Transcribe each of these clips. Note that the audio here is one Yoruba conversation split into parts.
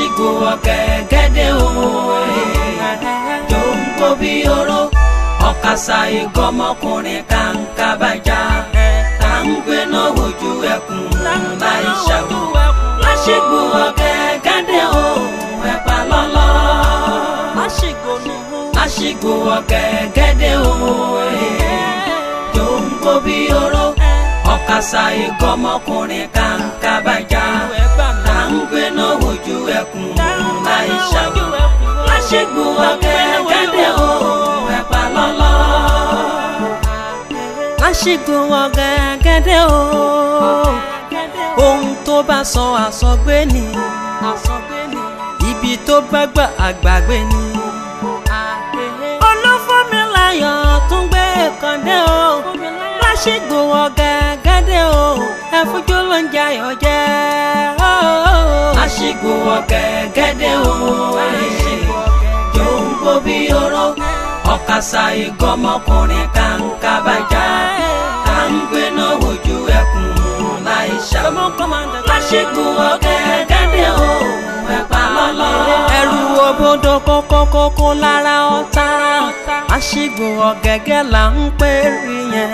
ṣígun ọ̀kẹ́ gẹ́dẹ́ òun tó ń kó bí oró ọ̀kasà ìgọ́mọkùnrin kàǹkà bàjá tá ń gbé náà wojú ẹkùn ńlá ìṣàwọ̀ láṣígun ọ̀kẹ́ gẹ́dẹ́ òun ẹ̀pà lọ́lọ́ láṣígun ọ̀kẹ́ gẹ́dẹ́ òun tó ń kó bí oró ọ̀kasà ìgọ́mọkùnrin kàǹkà bàjá tá ń gbé náà wojú ẹkùn ńlá ìṣàwọ̀ ẹkùn àìṣà aṣẹ́gun ọ̀kẹ́ gẹ́dẹ̀ o ẹ̀pà lọ́lọ́. aṣẹ́gun ọ̀kẹ́ gẹ́dẹ̀ o ohun tó bá sọ àsọgbé ni ibi tó bá gbà àgbàgbé ni. olúfọ́miláyọ̀ tún gbé kàndé o láṣẹ́gun ọ̀kẹ́ gẹ́dẹ̀ o ẹ̀fújú ló ń jayọ̀ jẹ́ àṣìkò ọ̀kẹ́ gẹ́dẹ́ o jòun kó bí oró ọ̀kàṣà ìkọ́mọkùnrin kàǹkà bàjá kà ń gbé náà wojú ẹkùn láì ṣá àṣìkò ọ̀kẹ́ gẹ́dẹ́ o ẹ̀pà lọ́lọ́. ẹrù òbodò kókókókó lára ọ̀tá àṣìkò ọ̀gẹ̀gẹ̀ là ń pè rí yẹn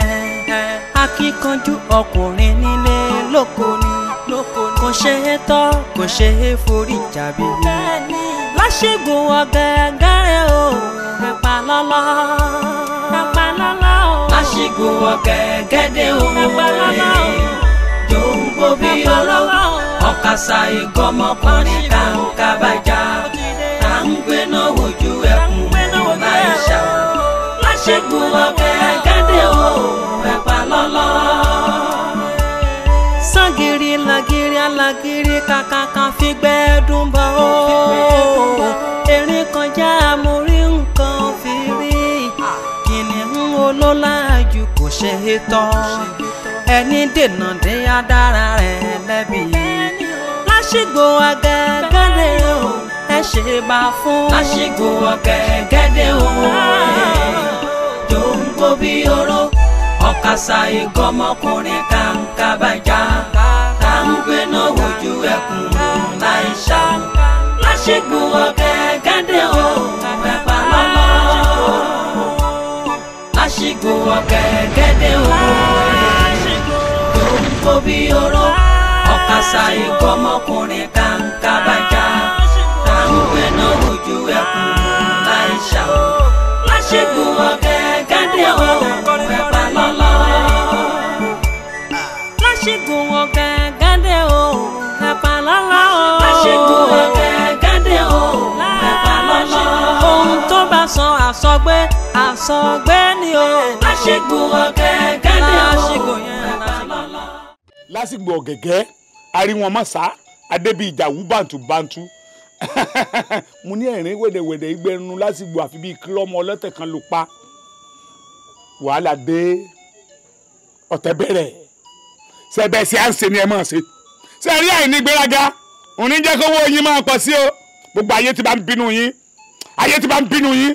akíkanjú ọkùnrin nílé lóko ní kò ṣe é tọ́ kò ṣe é forí jàbí. bẹ́ẹ̀ni láṣẹ́gun ọ̀gẹ̀gẹ̀ o ẹ̀pà lọ́lọ́. ẹ̀pà lọ́lọ́ o. láṣẹ́gun ọ̀gẹ̀gẹ̀dẹ̀ o. ẹ̀pà lọ́lọ́ o. jòǹgbò bí olówó ọ̀kasà ìkọ́mọkùnrin kàǹkà bàjá. à ń gbéná wojú ẹkùn láì ṣàwọ̀. láṣẹ́gun ọ̀gẹ̀gẹ̀. kàkà kan fi gbẹ́ dùn bọ́ ó erin kọjá mo rí nǹkan fi rí kìnìún olólàjú kò ṣe é tọ́ ẹni dènà dé adára rẹ̀ lẹ́bi lásìgbò agẹ́gẹ́dẹ́ o ẹ ṣe bá fún lásìgbò agẹ́gẹ́dẹ́ o jòǹgbò ah. bí oró ọ̀kasà ìkọ́mọkùnrin kàǹkà bàjá gbé náà wojú ẹkùn láì ṣá láṣẹ́gun ọ̀gẹ́ gẹ́dẹ́ o pẹ̀pà lọ́lọ́ láṣẹ́gun ọ̀gẹ́ gẹ́dẹ́ o tó ń kó bí oró ọ̀kasà ikọ̀ ọmọkùnrin kàǹkà bàjẹ́. àsọgbé àsọgbé ni o. aṣègùn ọ̀gẹ̀gẹ̀ ni o. aṣègùn yẹn lálọ́lá. lásìgbò ọ̀gẹ̀gẹ̀ ariwọn mọ̀sá adébíyìjà wú bàǹtùbàǹtù mo ní ẹ̀rín wẹ̀dẹ̀wẹ̀dẹ̀ ìgbẹ́nu lásìgbò àfi bíi kírọ́mọ ọlọ́tẹ̀ kan ló pa wàhálà dé ọ̀tẹ̀ bẹ̀rẹ̀ sẹ́bẹ̀ sí à ń ṣe ni ẹ máa ṣe ṣe rí àìní gbéraga òní jẹ́ kówó yín máa pọ̀ sí o gbogbo ayé ti bá ń bínú yín ayé ti bá ń bínú yín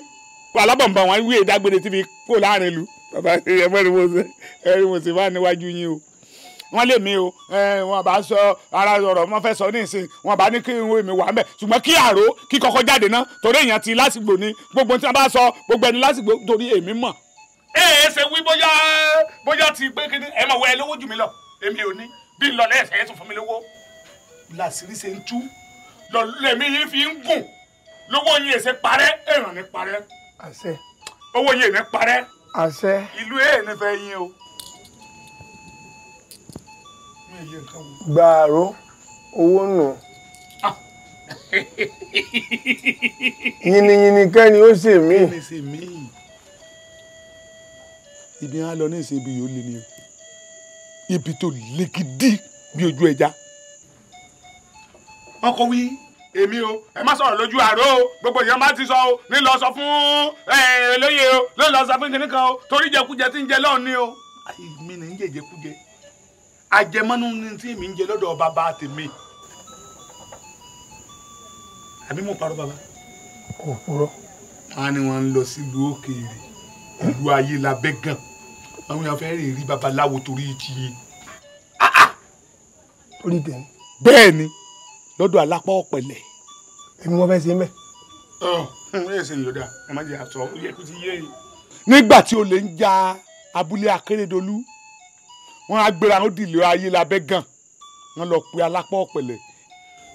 alábọ̀nbọ̀n wọn wí ìdágbére tí fi kó láàrin ìlú bàbá ẹgbẹ́ ni mo ṣe ẹni mo ṣe bá níwájú yín o wọ́n lè mí o wọ́n bá sọ ara ọ̀rọ̀ wọ́n fẹ́ sọ ní ìsìn wọ́n bá ní kí n wo èmi wà mẹ́ ṣùgbọ́n kí àró kí kọ́kọ́ jáde náà torí èèyàn ti lásìgbò ni gbogbo tí wọ́n bá sọ gbogbo ẹni lásìgbò torí èmi mọ̀. ẹ ẹ ṣe wí bóyá bóyá ti pé kí ni ẹ máa wọ ẹ lówó jù mí lọ èmi ò ní bí n lọ lẹ́sẹ̀ ẹ tún fún mi lówó. làṣírí ṣe ń tú lọ lẹ́mí yín fi ń gùn lówó yín èsè parẹ́ èràn ní parẹ́ àṣẹ. owó yìí ní parẹ́. àṣẹ. ìlú èyí ni fẹ́ yín o. gbàrú owó nù. yìnyínyìnyín kẹ́ni ó ṣe mí. ibi á lọ ní ìsìn ibi yóò lé ni o ibi tó lé gidi bí ojú ẹja. ọkọ wí èmi o ẹ má sọ̀rọ̀ lójú àárọ̀ o gbogbo èèyàn má ti sọ o ní lọ sọ fún olóyè o ló lọ sọ fún kinní kan o torí jẹkújẹ tí ń jẹ lọ́ọ̀ ni o. mi ní jẹjẹkújẹ ajẹmọ́nú ni tí mi ń jẹ lọ́dọ̀ bàbá tèmi àbí mo parọ́ bàbá. kò purọ́. wọn ni wọn ń lọ sílùú òkèèrè ìlú ayé labẹ́ gan àwọn èèyàn fẹ́ẹ́ rìn rí babaláwo torí ti yé. torí tẹ̀. bẹ́ẹ̀ ni lọ́dọ̀ alápá ọ̀pẹ̀lẹ̀. èmi wọn fẹ́ ṣe mẹ́. ọ hm, ẹ ṣe yọ̀dà ẹ má jẹ àtọ ó yẹ kó ti yé e. nígbà tí olè ń ja abúlé akérèdọ́lù wọn á gbéra wọn dìlé ayé labẹ́ gan wọn lọ pe alápá ọ̀pẹ̀lẹ̀.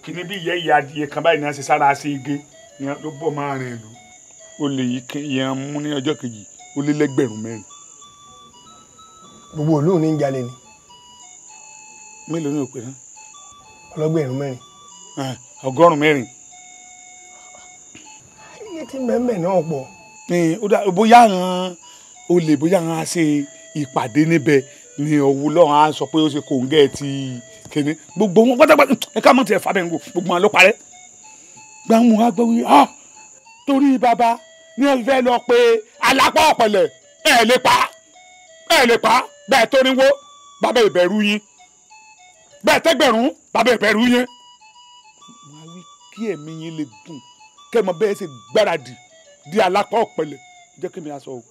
kìnní bí ìyá ìyá adìyẹ kan báyìí ni wọn ṣe sára ṣe ege ni wọn ló bọ́ máa rìn lù. olè yìí mú ní ọjọ́ kejì ó lé lẹ́gbẹ̀rún mẹ́rin. gbogbo olóhùn ń jalè ni. mélòó ni ò pé náà. ọlọ́gbẹ̀rún mẹ́rin. Eh, ọgọ́rùn-ún mẹ́rin. iye tí mẹ́mẹ́ náà pọ̀. bóyá àwọn olè bóyá àwọn àṣe ìpàdé níbẹ̀ ni òwú lọ́hàn á sọ pé ó ṣe kòǹgẹ́ ti kéde gbogbo wọn pátápátá ẹ ká mọ̀ tiẹ̀ fàbẹ̀ ń wò gbogbo wọn ló parẹ́ gbàmù agbẹ́wì ọ́ torí bàbá ní ẹ fẹ́ lọ pé alápá ọ̀pẹ̀lẹ̀ ẹ lè pa ẹ lè pa bẹ́ẹ̀ tó ní wó bàbá ìbẹ̀rù yín bẹ́ẹ̀ tẹ́gbẹ̀rún bàbá ìbẹ̀rù yín kí ẹ̀mí yín lè gùn kẹ́mọ bẹ́ẹ̀ ṣe gbáradì di alápá ọ̀pẹ̀lẹ̀ jẹ́ kí mi aṣọ o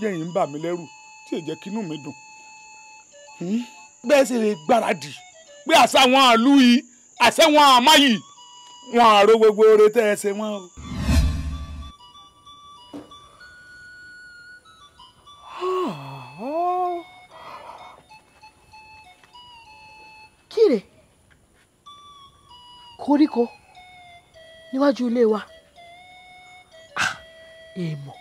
jẹ́ yìí ń bà mí lẹ́rù tí èjẹ́ kí inú mi dùn hmm? bẹ́ẹ̀ ṣe lè gbáradì pé àṣà wọn àlú yìí àṣẹ wọn àmáyì wọn àrò gbogbo oore tẹ́ ẹ ṣe wọn o. kíre koríko níwájú ilé wa ah, èèmọ̀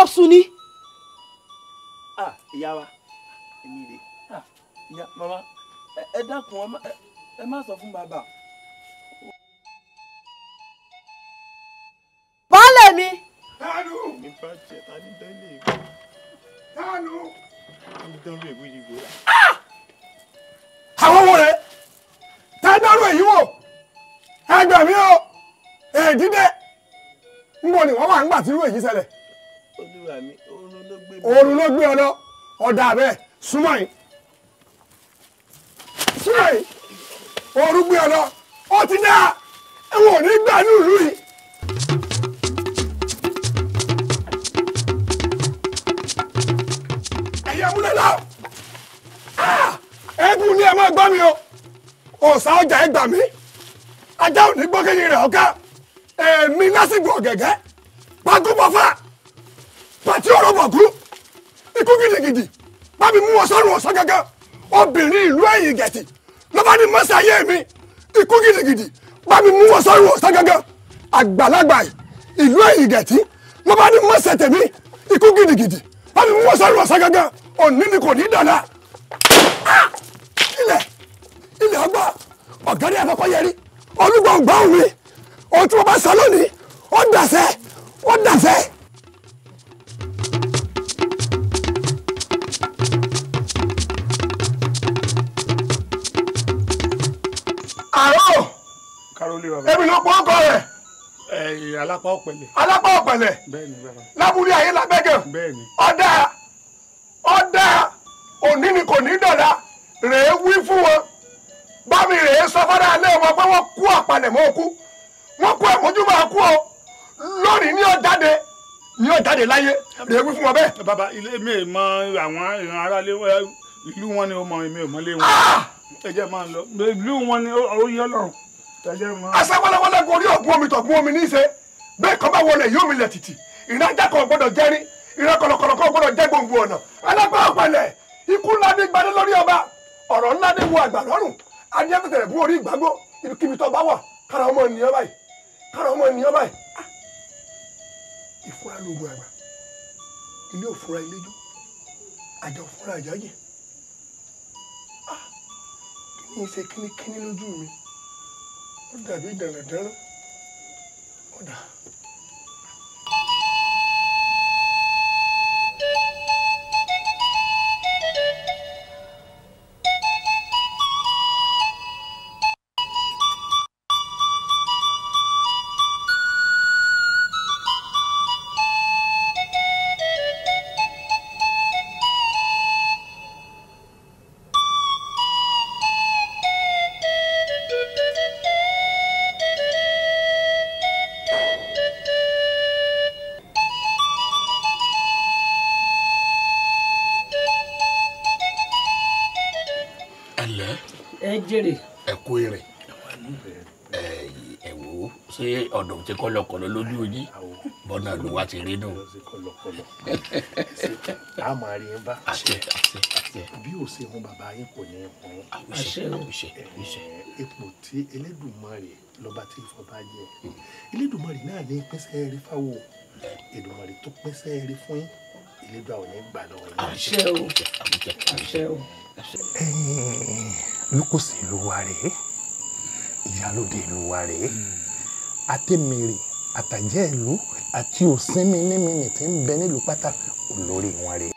ọ̀sùn ni. Ah, ìyá wa èmi rè ah, ìyá màmá ẹ dákun ẹ má sọ fún bàbá. baálé mi. tánú. mi bá jẹ tani dán lè gbó. tánú. tani dán lè gbó yìí gbó. yìí wò ẹ gbà mí o èdídé níbo ni wọ́n wà nígbà tí irú èyí ṣẹlẹ̀ oorun ló gbé ọ lọ ọ̀dà bẹ́ẹ̀ súnmọ́ yìí súnmọ́ yìí oorun gbé ọ lọ ó ti dá ẹ̀wọ̀n ò ní gbà ní ìlú yìí. ẹ̀yẹ́ múlẹ̀ náà ah! ẹ̀ẹ́dùn ni ẹ máa gbọ́ mi o. òòsà ọjà ẹ gbà mí ajá òní gbókèyìn ọka, ọ̀ká èmi lásìkò ọ̀gẹ̀gẹ̀ pàtópọ̀fà pàtí ọ̀rọ̀ bọ̀kú ikú gidigidi bábí mú wọn obìnrin ìlú gidigidi bábí mú àgbàlagbà ìlú gidigidi bábí mú òní ni kò ní mi ọgbọ́ ọ̀gẹ́rẹ́ ẹ̀ kọ́kọ́ yẹrí olúgbọ̀n gbọ́ mi ohun tí mo bá sọ lónìí ó èmi ló pọ̀ ọkọ rẹ̀. alápá ọ̀pẹ̀lẹ̀. alápá ọ̀pẹ̀lẹ̀. lábúlé ayé labẹ́gẹ̀. ọ̀dà ọ̀dà òní ni kò ní dọ̀la rèé wí sọ fọ́dà alẹ́ wọn pé wọ́n kú àpalẹ̀mọ́ òkú wọ́n kú àmójúbà kú o lónìí ní ọ̀jáde ní ọ̀jáde láyé rèé wí fún wọn bẹ́ẹ̀. bàbá ilé mi mọ àwọn ìran aráalé ìlú wọn ni ó mọ èmi ò mọ lé wọn ah! ẹ jẹ́ máa lọ ìlú wọn ni ó yẹ lọ́rùn ẹ jẹ́ máa. asáwọlẹwọlẹ kò rí ọgbọ́n omi tọgbọ́n omi ní í ṣe bẹ́ẹ̀ kọ bá wọlé yóò mi lẹ títì ìran ajá kan gbọ́dọ̀ jẹrin ìran kọlọkọlọ kan gbọ́dọ̀ jẹ gbòǹgbò ọ̀nà alágbá ọ̀pẹlẹ ikú ńlá ní gbadé lórí ọba ọ̀rọ̀ ńlá ní wo àgbà lọ́rùn adé tẹ̀tẹ̀rẹ̀ bú orí ìgbàgbó ibikíbi tó bá wà kára ọmọ ènìyàn báyìí kára ọmọ ènìyàn báyìí ìfúra ah! lóògùn àgbà ilé òfúra iléjú àjà òfúra àjájì ah! kí ni ṣe kínníkínní lójú mi ó dàbí dànàdànà ó dà. bá ti rí nù. a máa rí yín bá. àṣẹ àṣẹ àṣẹ. bí o ṣe hun bàbá yín kò ní hun. àṣẹ àṣẹ àṣẹ. ipò tí Elédùmarè lọ́ba tí ìfọba jẹ Elédùmarè náà ní pínṣẹ́ rí fáwọ́ Èdùmarè tó pínṣẹ́ rí fún yín Elédùà ò ní gbà lọ́wọ́ yín. àṣẹ o àṣẹ o. lukosi ìlú wa rèé ìyálòde ìlú wa rèé hmm àtàjẹ́ ìlú àti òsínmi nímìnì tí ń bẹ nílùú pátá olórí wọn rèé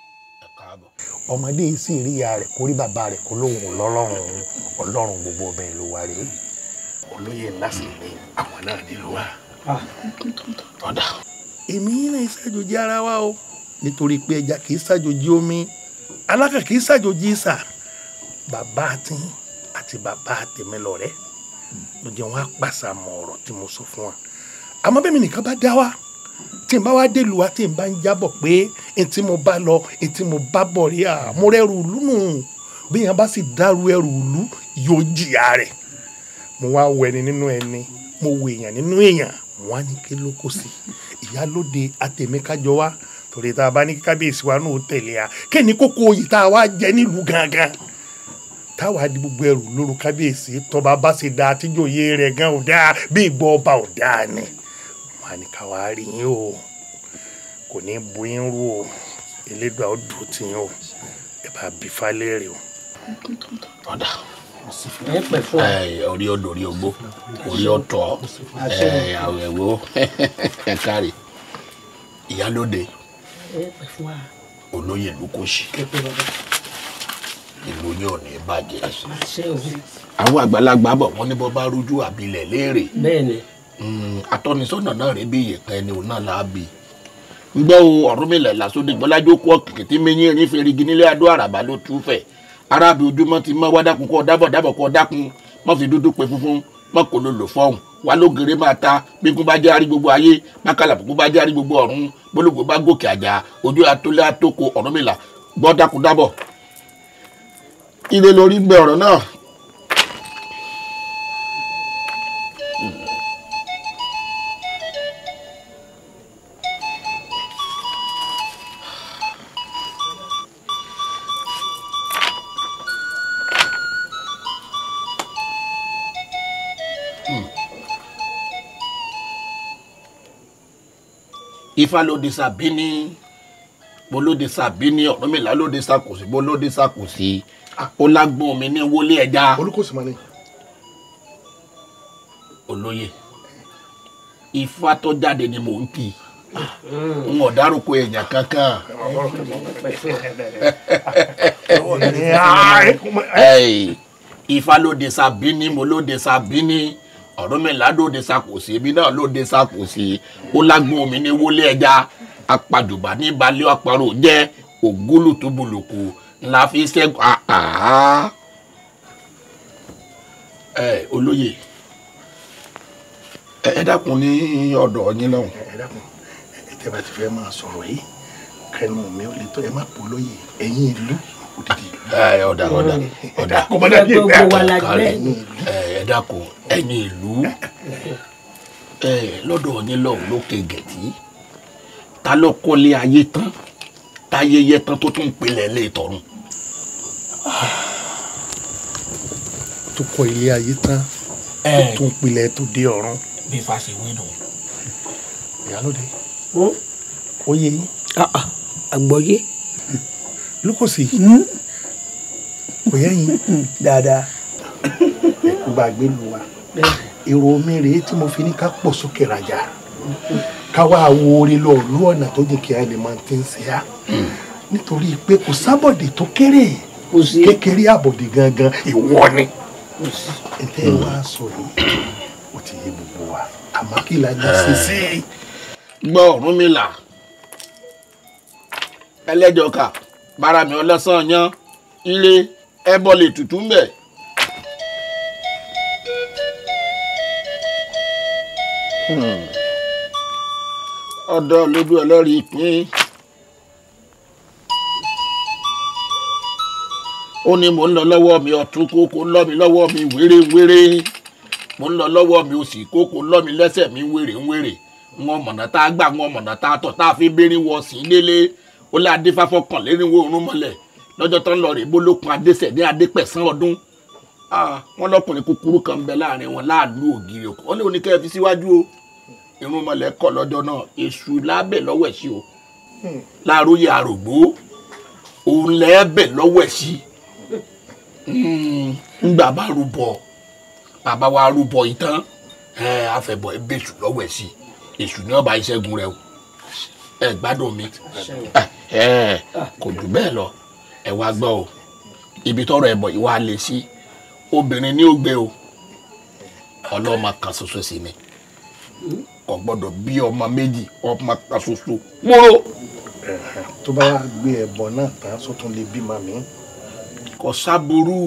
ọmọdé yìí sì rí ìyá rẹ̀ kó rí bàbá rẹ̀ kó lóun ọlọ́run ọlọ́run gbogbo ọbẹ̀ ìlú wa rèé olóyè ńlá sì ni àwọn náà nílùú wa tọ́da. èmi yín náà ṣàjòjì ara wa o nítorí pé ẹja kì í ṣàjòjì omi alákà kì í ṣàjòjì ìsà bàbá àti bàbá àtẹmẹlọ rẹ ló wọn á pàṣà mọ ọ̀rọ̀ tí mo sọ fún wa àmọ́ bẹ́ẹ̀ mi nìkan bá dá wa tí n bá wá dé lu wa tí n bá ń jábọ̀ pé n tí mo bá lọ n tí mo bá bọ̀ rí à mo rẹ́rù ìlú nù bí yẹn bá sì dárú ẹrù ìlú yóò jìyà rẹ̀ mo wá wọ ẹni nínú ẹni mo wọ èèyàn nínú èèyàn mo wá ní kí ló kó sí ìyálóde àtẹ̀mẹ́kájọ wa torí tá a bá ní kábíyèsí wa náà tẹ̀lé a kí ni kókó oyè tá a wá jẹ nílùú gangan táwa di gbogbo ẹrù lóru kábíyèsí tọba bá ṣe dáa tíjòyè rẹ̀ gan ò dáa bí ìgbọ́ ọba ò dáa ni wọn á ní ká wàá rí yín o kò ní bu yín rú o elédùá ó dùn tì yín o ẹ bá bí falẹ́rì o. ọ̀dà ẹ pẹ fún ọ. orí odò orí ogbó orí ọtọ àwẹwò ẹ káre ìyálóde olóyè lukosi ìlú yóò ní bàjẹ́ àwọn àgbàlagbà bọ̀ wọ́n ní bọ́ bá rújú àbílẹ̀ léèrè. Hmm, atọ́nisọ́nà náà rẹ̀ bí ìyẹ̀kan ẹni òun náà là á bì í gbọ́ ọ̀rún mi lẹ̀la sóde ìgbọ́lájú kú ọ̀kìkì tí mi yín erin ferigi nílé adó àràbà ló tú fẹ̀ arábì ojúmọ́ ti mọ́ wádàkùn kọ́ dábọ̀ dábọ̀ kọ́ dákun mọ́ fi dúdú pe funfun mọ́ kò ló lò fọ́hùn wà lógere máa ta gbígun bá jẹ́ àrí gbogbo ayé bákàlà gbogbo bá jẹ́ àrí gbogbo ọ̀run gbólógbò bá gòkè àjà ojú atólé ifá ló de sa bíní mo ló de sa bíní ọ̀nàmìlà ló de sa kò sí mo ló de sa kò sí ó lágbọ́n mi ní wọlé ẹja. olùkọ́sí ma ní. olóye ifá tó jáde ni mò ń kì í n ò dárúkọ èèyàn kankan. ifá ló de sa bíní mo ló de sa bíní. Ọ̀rúnmìlà lóde sakòsí èmi náà lóde sakòsí ó lágbó omi ní wọlé ẹja apàdùbà ní balẹ̀ ọ̀parò jẹ́ ògúlùtúbùlùkù ńlá fi ṣẹ́gun àá. Ah, ah. ẹ olóye ẹ dákun ní ọ̀dọ̀ yín lọ́hùn. ẹ dákun ẹ tẹ́ bá ti fẹ́ máa sọ̀rọ̀ yìí kẹnu mi ò lè tọ́ ẹ má polóye ẹ̀yin ìlú odidi eh, ìlú. ọ̀dà ọ̀dà ọ̀dà gbogbo wa la gbẹ́ ní ìlú. ẹ dákun ẹ̀yin ìlú lọ́dọ̀ yín lọ́hùn lókè gẹ̀tì ta ló kọ́lé ayé tán táyé yẹ tán tó tún pilẹ̀ lé tọ̀run. tó kọ́ ilé ayé tán tó tún pilẹ̀ tó dé ọ̀run. bí ifá ṣe wí nù. ìyálóde ó yé ah, ah. àgbọ̀yé lókòsí hmm? kò dada hmm, hmm, dáadáa. ẹ̀kú gbàgbé lu wa èrò mi rèé tí mo fi ní ká pọ̀ sókè rajà ká wá wo orí lọ lú ọ̀nà tó jẹ́ kí a lè máa ti ń ṣe á nítorí pé kò sábọ̀dé tó kéré kékeré àbọ̀dé gangan ìwọ ni. ǹjẹ́ wá sọ yìí ó ti yé gbogbo wa àmọ́ kí la ní sísè. gbọ́ Ọ̀rúnmìlà ẹlẹ́jọ́ kà bárami ọlọ́sàn yan ilé ẹbọ lè tutù ń bẹ̀. Hmm. ọ̀dọ́ lójú ọlọ́rin pín ó ní mò ń lọ lọ́wọ́ mi ọ̀tún kókó ń lọ́ mi lọ́wọ́ mi wérewére mò ń lọ lọ́wọ́ mi òsì kókó ń lọ́ mi lẹ́sẹ̀ mi wérewére wọn mọ̀nà tá a gbà wọn mọ̀nà tá a tọ̀ tá a fi béèrè wọ sí délé ó lé adéfáfọ́ kàn lẹ́rìnwó òrùn mọ́lẹ̀ lọ́jọ́ tó ń lọ rèé bólókun adéṣẹ̀ ní adépẹ̀sán ọdún wọ́n lọ́kùnrin kúkúrú kan bẹ láàrin wọn láàlú ògiri òkú wọ́n lé oníkẹ́ fi síwájú o irun mọ́lẹ̀ kọ̀ lọ́jọ́ náà èṣù lábẹ̀ lọ́wọ́ ẹ̀ sí o hmm. láàróyè àrògbó òun lẹ́ẹ̀bẹ̀ lọ́wọ́ ẹ̀ sí hmm. ńgbà bá rúbọ bàbá wa rúbọ ìtàn afẹ́bọ̀ ẹ̀ bẹ̀ṣù lọ́wọ́ ẹ̀ sí èṣù náà bá iṣẹ́gun rẹ o ẹ gbádùn mi kò jù bẹ́ẹ̀ lọ ẹ wá gbọ́ o ibi tọrọ ẹbọ ìwà lè sí obìnrin ní ògbé o ọlọ́mọ kan ṣoṣo sí ni kò gbọ́dọ̀ bí ọmọ méjì ọmọ kan ṣoṣo wóró. tó bá gbé ẹbọ náà tán sótún lè bímọ mi. kò sábúrú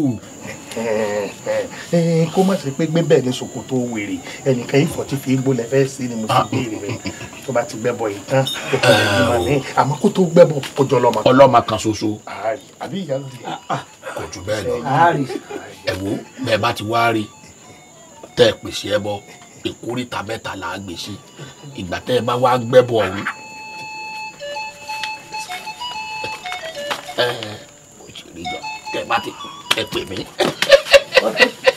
kó má ṣe pé gbé bẹ́ẹ̀ ní ṣòkòtò wèrè ẹnìkan ìfọ̀ tí fi gbólẹ̀ fẹ́ sí ni mo ti béèrè rẹ̀ tó bá ti gbẹ́bọ yìí tán kòkòrò ìgbìmọ̀ ní àmọ́ kó tó gbẹ́bọ kójọ ọlọ́mọ. ọlọ́mọ kan ṣoṣo. àbí ìyá ló di. Ah, ah. kò jù bẹ́ẹ̀ lọ ẹ wo bẹ́ẹ̀ bá ti wá rí tẹ́ ẹ pèsè ẹ bọ ìkórìtà mẹ́ta là á gbèsè ìgbà tẹ́ ẹ bá wá gbẹ́bọ ọ̀hún ẹ ẹ òṣèré jọ tẹ́ ẹ bá ti kú. with me.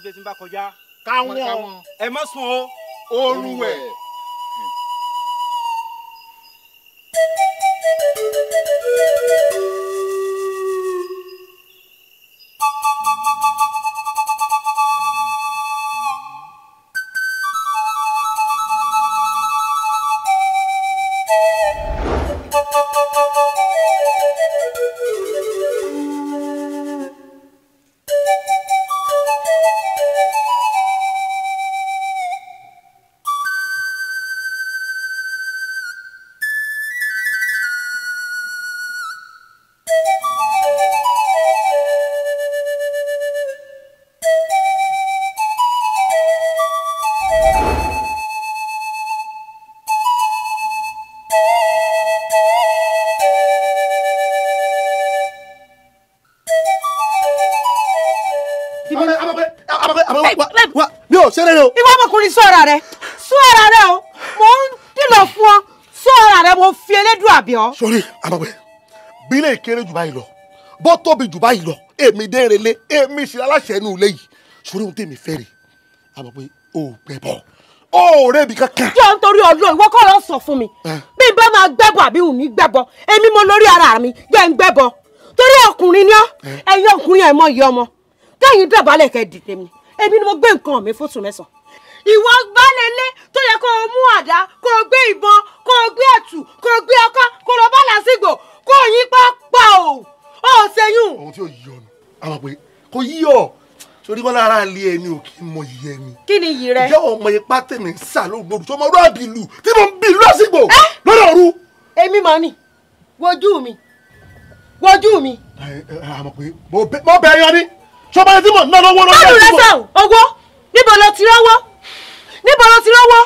ń ṣe tí ń bá kọjá. káwọn ẹ má sùn o. oorun wẹ̀. ara rẹ sún ara rẹ o mò ń dìlọ fún ọ sún ara rẹ mo fi elédùn àbí ọ. sori àbàwẹ̀ bí ilé ìkéré jù báyìí lọ bó tóbi jù báyìí lọ èmi dẹ́rẹ̀lé èmi sì aláṣẹ inú ilé yìí sori ohun tèmi fẹ́ rè àbàwẹ̀ ò gbẹ bọ̀ ó rẹ̀ bí kankan. jọ nítorí Ọlọ́run ìwọ kọ́ ló sọ fún mi bí n bá máa gbẹ́bọ̀ àbí òun ní gbẹ́bọ̀ èmi mo lórí ara mi jẹ́ ń gbẹ́bọ̀ torí ọkùnrin ni ọ ẹ̀yin ọkùnrin ẹ̀ mọ iye ọmọ kẹ́yìn dọ̀bálẹ̀ kẹ́ dìde mi èmi ni mo gbé nǹkan mi fóṣù mẹ́sàn-án ìwọ gbálélé tó yẹ kó o mú àdá kó o gbé ìbọn kó o gbé ẹ̀tù kó o gbé ọkọ́ kó o lọ bá làásìgbò kó o yín pápá o ò ṣẹyún. ohun tí ò yí ọ nù àwọn pé kò yí ọ torí wọn lára lé ẹni ò kí n mọ iyì ẹni. kí ni iyì rẹ. ìyá ọmọ ipá tèmi ń sà lóògbòdù tó mọ ọdún àbìlù tí mo ń bì lọ́sìgbò lọ́dọ̀ ọ̀rú. èmi mọ̀ ni wojú mi wojú mi. àmọ̀ pé mo bẹ yan ni sọba ẹni tí mo ná lọ́wọ́ lọ́wọ́. báwo lẹ sọ owó níbo ló ti rówó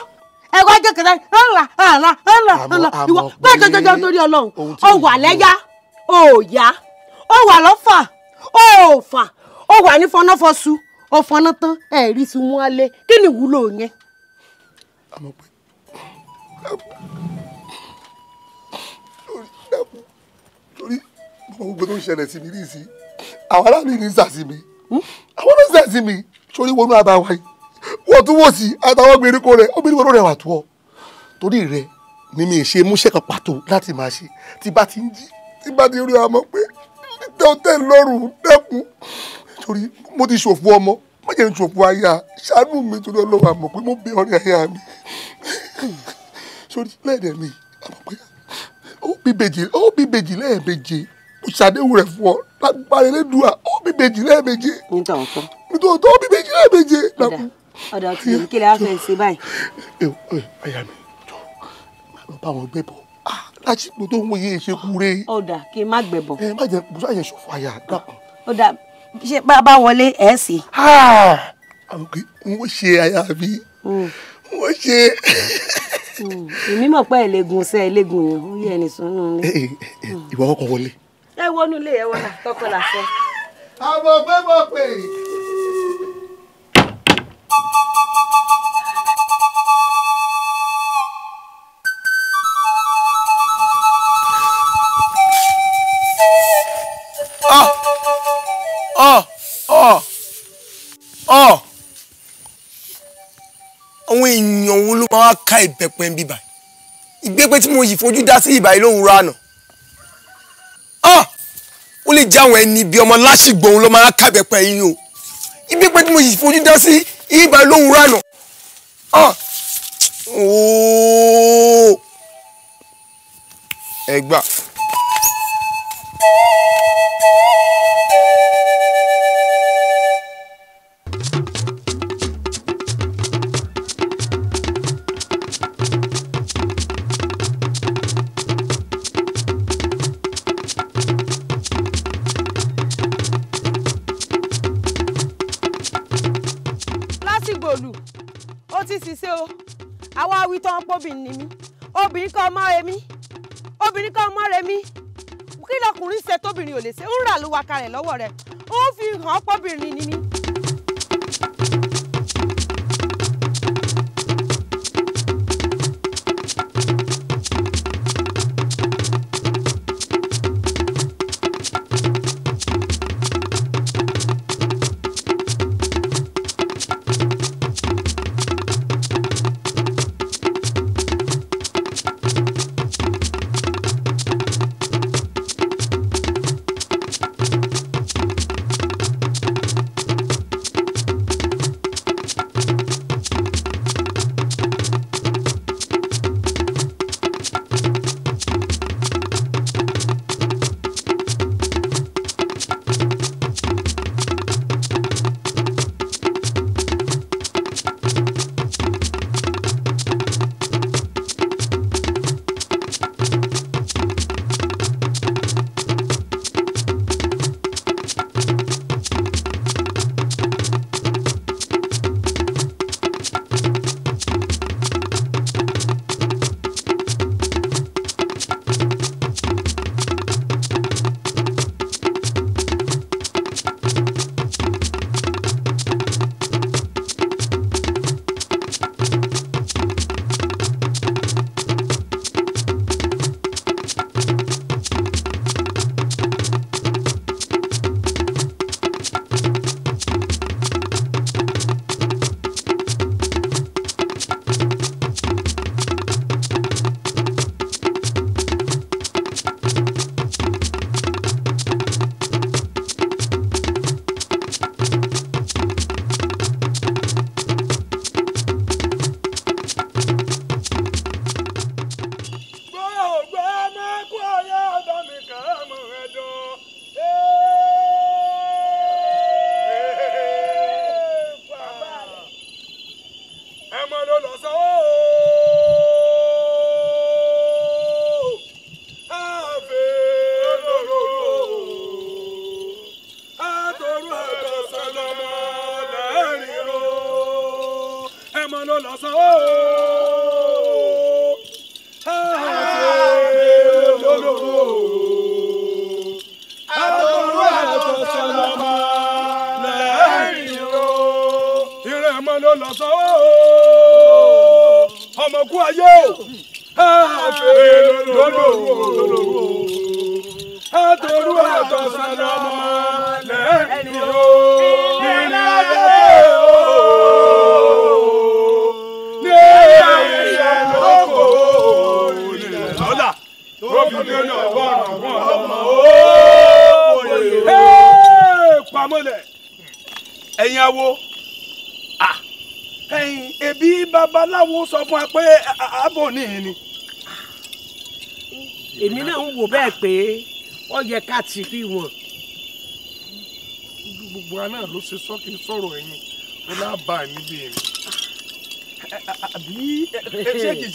ẹ̀rọ ajẹ́kẹ̀rẹ́ ńlá ńlá ńlá ńlá ìwọ bẹ́ẹ̀ jọjọjọ nítorí ọlọ́run ó wà lẹ́yà ó yá ó wà lọ́fà ó fà ó wà ní fọnáfọsù ó fọná tán ẹ̀rí sí wọn alẹ́ kí ni ìwúlò yẹn. torí mo gbogbo tó ń ṣẹlẹ̀ sí mi ní ìsín àwọn aráàlú ní sàsí mi hmm? àwọn ló ń sàsí mi sórí wọnú abáwá yìí wọ́n tún wò sí àtàwọn gbèríko rẹ̀ obìnrin wọn ló rẹwà tó ọ torí rẹ ni mi ṣe múṣẹ́ kan pàtó láti máa ṣe tí bá ti ń jí tí bá ti rí ọmọ pé tẹ́tẹ́ lọ́rùn dẹ́kun torí mo ti ṣòfò ọmọ má jẹ́ n ṣòfò aya ṣàánú mi torí ọlọ́wọ́ àmọ̀ pé mo bẹ ọ̀rẹ́ aya mi sórí lẹ́ẹ̀dẹ̀ mi àmọ̀ pé ó bí bèjì ó bí bèjì lẹ́ẹ̀mejì mo ṣàdéhùn rẹ̀ fún ọ lágbára ẹlẹ́dùá ó bí bèjì lẹ́ẹ̀mejì nítorí tó bí bèjì lẹ́ẹ̀mejì làkùn ọ̀dọ̀ tí èmi kí lè á fẹ́ ṣe báyìí. ẹyà mi jọ máa bá wọn gbẹbọ ah, lásìkò tó ń wòye ìṣekúre. ọ̀dà kí n má gbẹ̀bọ̀. ẹ má jẹ bùsọ̀ àyẹ̀ ṣòfò àyà dàpọ̀. ọ̀dà ṣé bá a bá wọlé ẹ̀ sí. Ah, àwọn kì í wọ́n ṣe àyà mi hmm. wọ́n ṣe. Hmm, èmi mọ̀ pé ẹ̀lẹ́gùn ṣe ẹ̀lẹ́gùn yẹn ó yẹ ẹni sùn nù ní. Eh, eh, eh, ìwọ ọkọ wọlé. ẹ wọnú ilé ẹ wọlá tọkọ làṣẹ. àmọ̀ pé mo pè Ah, ah, ah. ká ìbẹ̀pẹ̀ bíbà ìgbẹ́pẹ́ tí mo yìí fojú dá sí ìbà ìlóhùn ra nà ó lè jẹ́ àwọn ẹni ibi ọmọ lásìgbò òun ló máa ká ìbẹ̀pẹ̀ yín o ìgbẹ́pẹ́ tí mo yìí fojú dá sí ibà lóhùn ránà ẹ gbà. àwa wí tán póbìnrin ni mí obìnrin kan mọ́ re mí obìnrin kan mọ́ re mí kí lọkùnrin ṣe tóbìnrin ò lè ṣe ń rà ló wa kalẹ̀ lọ́wọ́ rẹ̀ ó fi hàn póbìnrin ni mí. máa mọ̀lẹ̀ ẹ̀yin awo babaláwo sọ fún wa pé àbọ̀ nìyí ni. èmi náà ń wò bẹ́ẹ̀ pé yẹ ká ti rí gbogbo aná ló ṣe sọ́kì sọ̀rọ̀ ẹ̀yìn ó náà bá a níbí mi. àbí ṣé kìí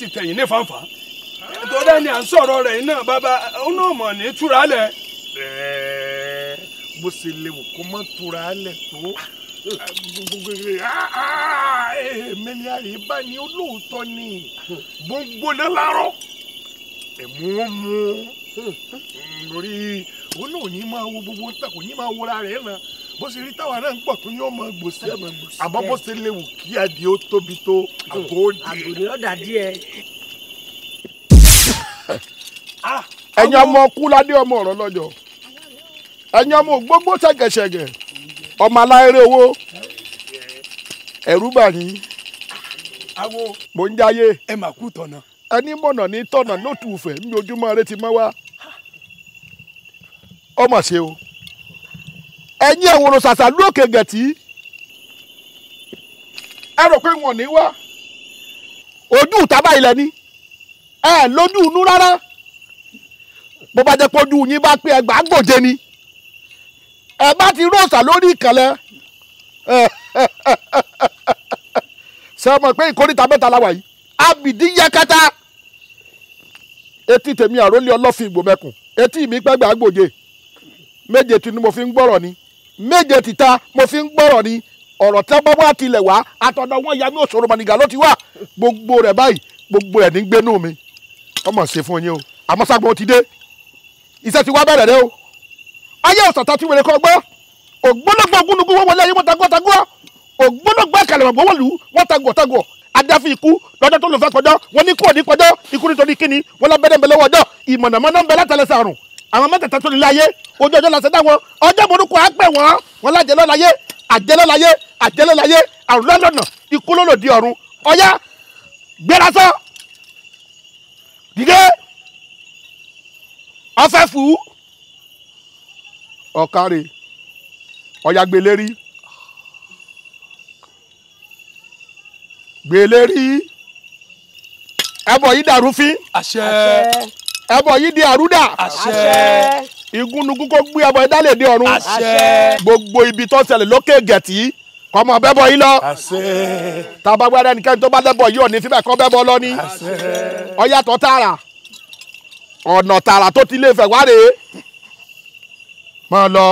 ti tẹ̀yìn ní tó à ń sọ̀rọ̀ rẹ̀ bàbá bó ṣe léwu kó má tura alẹ̀ tó ah. èmi ni àyíbá ni olóòótọ́ ni gbóngbóná lárọ́ ẹ̀mú wọn mú lórí òun náà ní máa wo gbogbo ta kò ní máa wọra rẹ̀ náà bó ṣe rí táwa náà ń pọ̀ tó yóò máa gbòsẹ̀ àmọ́ bó ṣe léwu kí adìẹ ó tóbi tó àgò òde. àgò ni ọ̀dà ah. ẹ̀yin ọmọ kú ládé ọmọ ọ̀rọ̀ lọ́jọ́. ẹ̀yin ọmọ gbogbo ọmọ aláìrè owó ẹ̀rú bà yín mò ń jáyé ẹ mà kú tọ̀nà ẹni mọ̀nà ní tọ̀nà lótú ní ojúmọ́ rẹ ti mọ́ wá ọmọ ṣe o ẹ̀yin ṣàṣà lókè gẹ̀tì ẹ rò pé wọn ò ní wá ojú ẹ lójú inú rárá bó ẹ bá ti rọ̀ṣà lórí ìkànlẹ̀ ṣe mọ̀ pé ìkórìtà mẹ́ta la wà yìí abìdí yakata etí tèmi àrólé ọlọ́fin ìgbò etí mi gbàgbà gbòje méje tí mo fi ń gbọ́rọ̀ ni méje títa mo fi ń gbọ́rọ̀ ni ọ̀rọ̀ tí wọ́n bá tilẹ̀ wá àtọ̀dọ̀ wọn ya mí òṣòro mọ̀nìgà ló ti wà gbogbo rẹ̀ báyìí gbogbo ẹ̀ ní gbénú mi ọmọ ṣe fún yín o àmọ́ ti dé iṣẹ́ ti wá bẹ̀rẹ̀ dé o ayé ọ̀sàtà ti wèrè kọ́ gbọ́ ògbólógbò gúnugún wọ́n wọlé ayé wọ́n tagọ́ tagọ́ ògbólógbò àkàlẹ̀mọ̀gbọ́ wọ́n lù ú wọ́n tagọ́ tagọ́ adáfi ikú lọ́jọ́ tó lò fẹ́ kọjọ́ wọ́n ní kú òní kọjọ́ ikú nítorí kíni wọ́n lábẹ́rẹ́ ń bẹ lọ́wọ́ ọjọ́ ìmọ̀nàmọ́ná ń bẹ látàlẹ́sẹ̀ àrùn àwọn mẹ́tẹ̀ẹ̀ta tó nílé ayé ojú ọjọ́ la ṣẹ̀dá wọn ọjọ́ burúkú á pẹ̀ wọ́n wọn lájẹ́ lọ́láyé àjẹ́ lọ́láyé àjẹ́ lọ́láyé àrùn lọ́lọ́nà ikú ló lòdì ọ̀run ọyá gbéra sọ dìde ọfẹ́ fùú ọ̀kárẹ̀ ọ̀yà gbèlérí gbèlérí ẹbọ yìí dàrú fín àṣẹ ẹbọ yìí di àrúdà àṣẹ igúnnugún kó gbé ẹbọ ìdálẹ̀ dé ọ̀run àṣẹ gbogbo ibi tó ṣẹlẹ̀ lókè gẹ̀tì kọmọ bẹ́bọ yìí lọ àṣẹ tabagbada nìkan tó bá dẹ́bọ yìí ò ní fífẹ́ kọ́ lọ ní àṣẹ ọ̀yàtọ̀ tààrà ọ̀nà tààrà tó ti lè fẹ̀ wá rèé máa lọ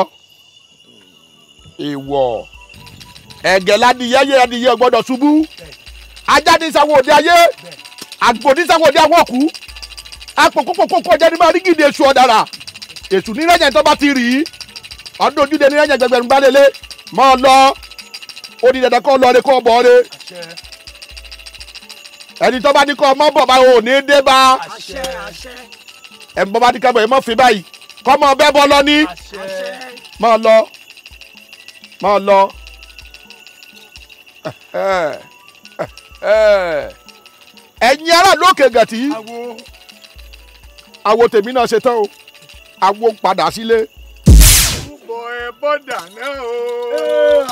èèwọ̀ ẹ̀gẹ́ ládìyẹ yẹ adìyẹ gbọ́dọ̀ ṣubú ajá ní sáwọ òde ayé àgbò ní sáwọ òde àwọn òkú apòkókókó ọjà ní máa rí gidi èṣù ọ̀dàrà èṣù nírẹ̀yẹ̀ tó bá ti rí ọdún ojúde nírẹ̀yẹ̀ gbẹgbẹ̀rún bá lélẹ̀ máa lọ ó di dandan kọ́ lọ rẹ kọ́ bọ̀ rẹ ẹni tó bá ní kọ́ ọmọ bọ̀ bá ò ní dé bá ẹ̀ ń bọ́ bá ní kábọ̀ ẹ̀ mọ́ fi báyìí kọ́mọ bẹ́ bọ́ lọ ní máa lọ máa lọ ẹ̀yin aráàlú òkè gàtí àwo tèmi náà ṣe tán o àwo padà sílé. mo ẹ bọ́dà náà o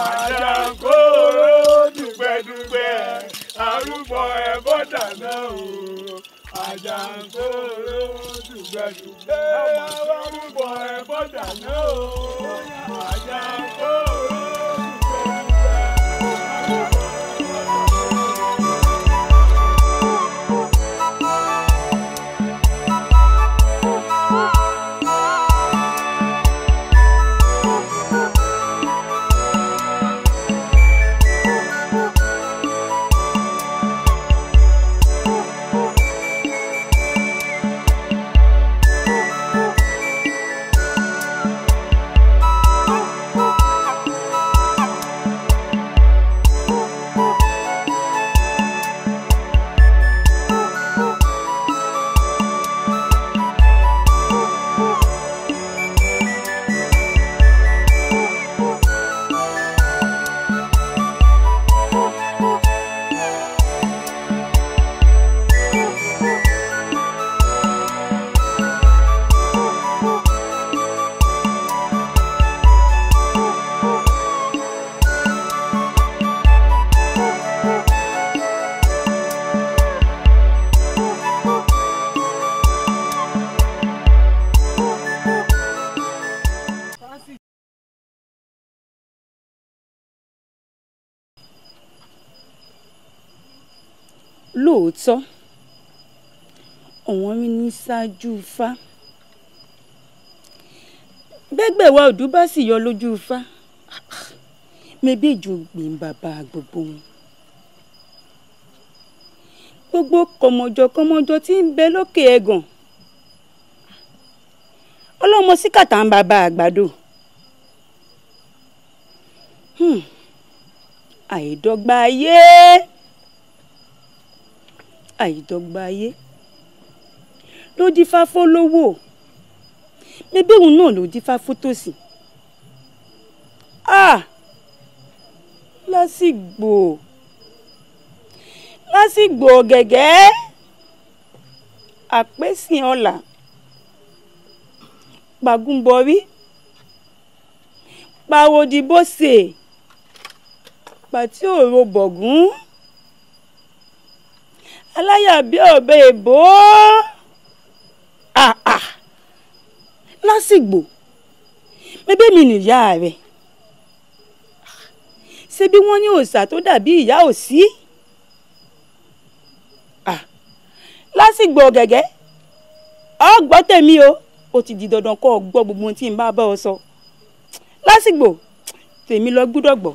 àjàngóró dùgbẹ́dùgbẹ́ arúgbó ẹ bọ́dà náà o àjàǹkóró dùgbẹ̀dùgbẹ̀ àwọn arúgbó ẹ̀fọ́ jà náà àjàǹkóró. sọ ọ̀wọ́n rí ní ṣáájú ifá bẹ́gbẹ̀wá òdú bá sì yọ lójú ifá mebí ìjù gbìn bàbá gbogbo wọn gbogbo kọmọjọ kọmọjọ tí ń bẹ lókè ẹgàn ọlọmọ sí ń bàbá àgbàdo hmm. àìdọ́gba ayé. Hmm àìdọ́gba ayé ló dífá fólówó bébí òun náà ló dífá fótòsì ah lásìgbò lásìgbò gẹ́gẹ́ àpèsìn ọ̀la pàgùnbọ̀rí pàwòdìbòsè pàtí òrò bọ̀gún. Pa aláyà bí ọ̀bẹ èbó àà ah, ah. lásìgbò bébé mi nìyá rẹ̀ ṣé bí wọ́n ní òòṣà tó dàbí ìyá ò sí ah, lásìgbò gẹ́gẹ́ ọ gbọ́ tèmi o ó ti di dandan kó o gbọ́ gbogbo ohun tí n bá bá ọ sọ lásìgbò tèmi lọ gbúdọ̀ gbọ́.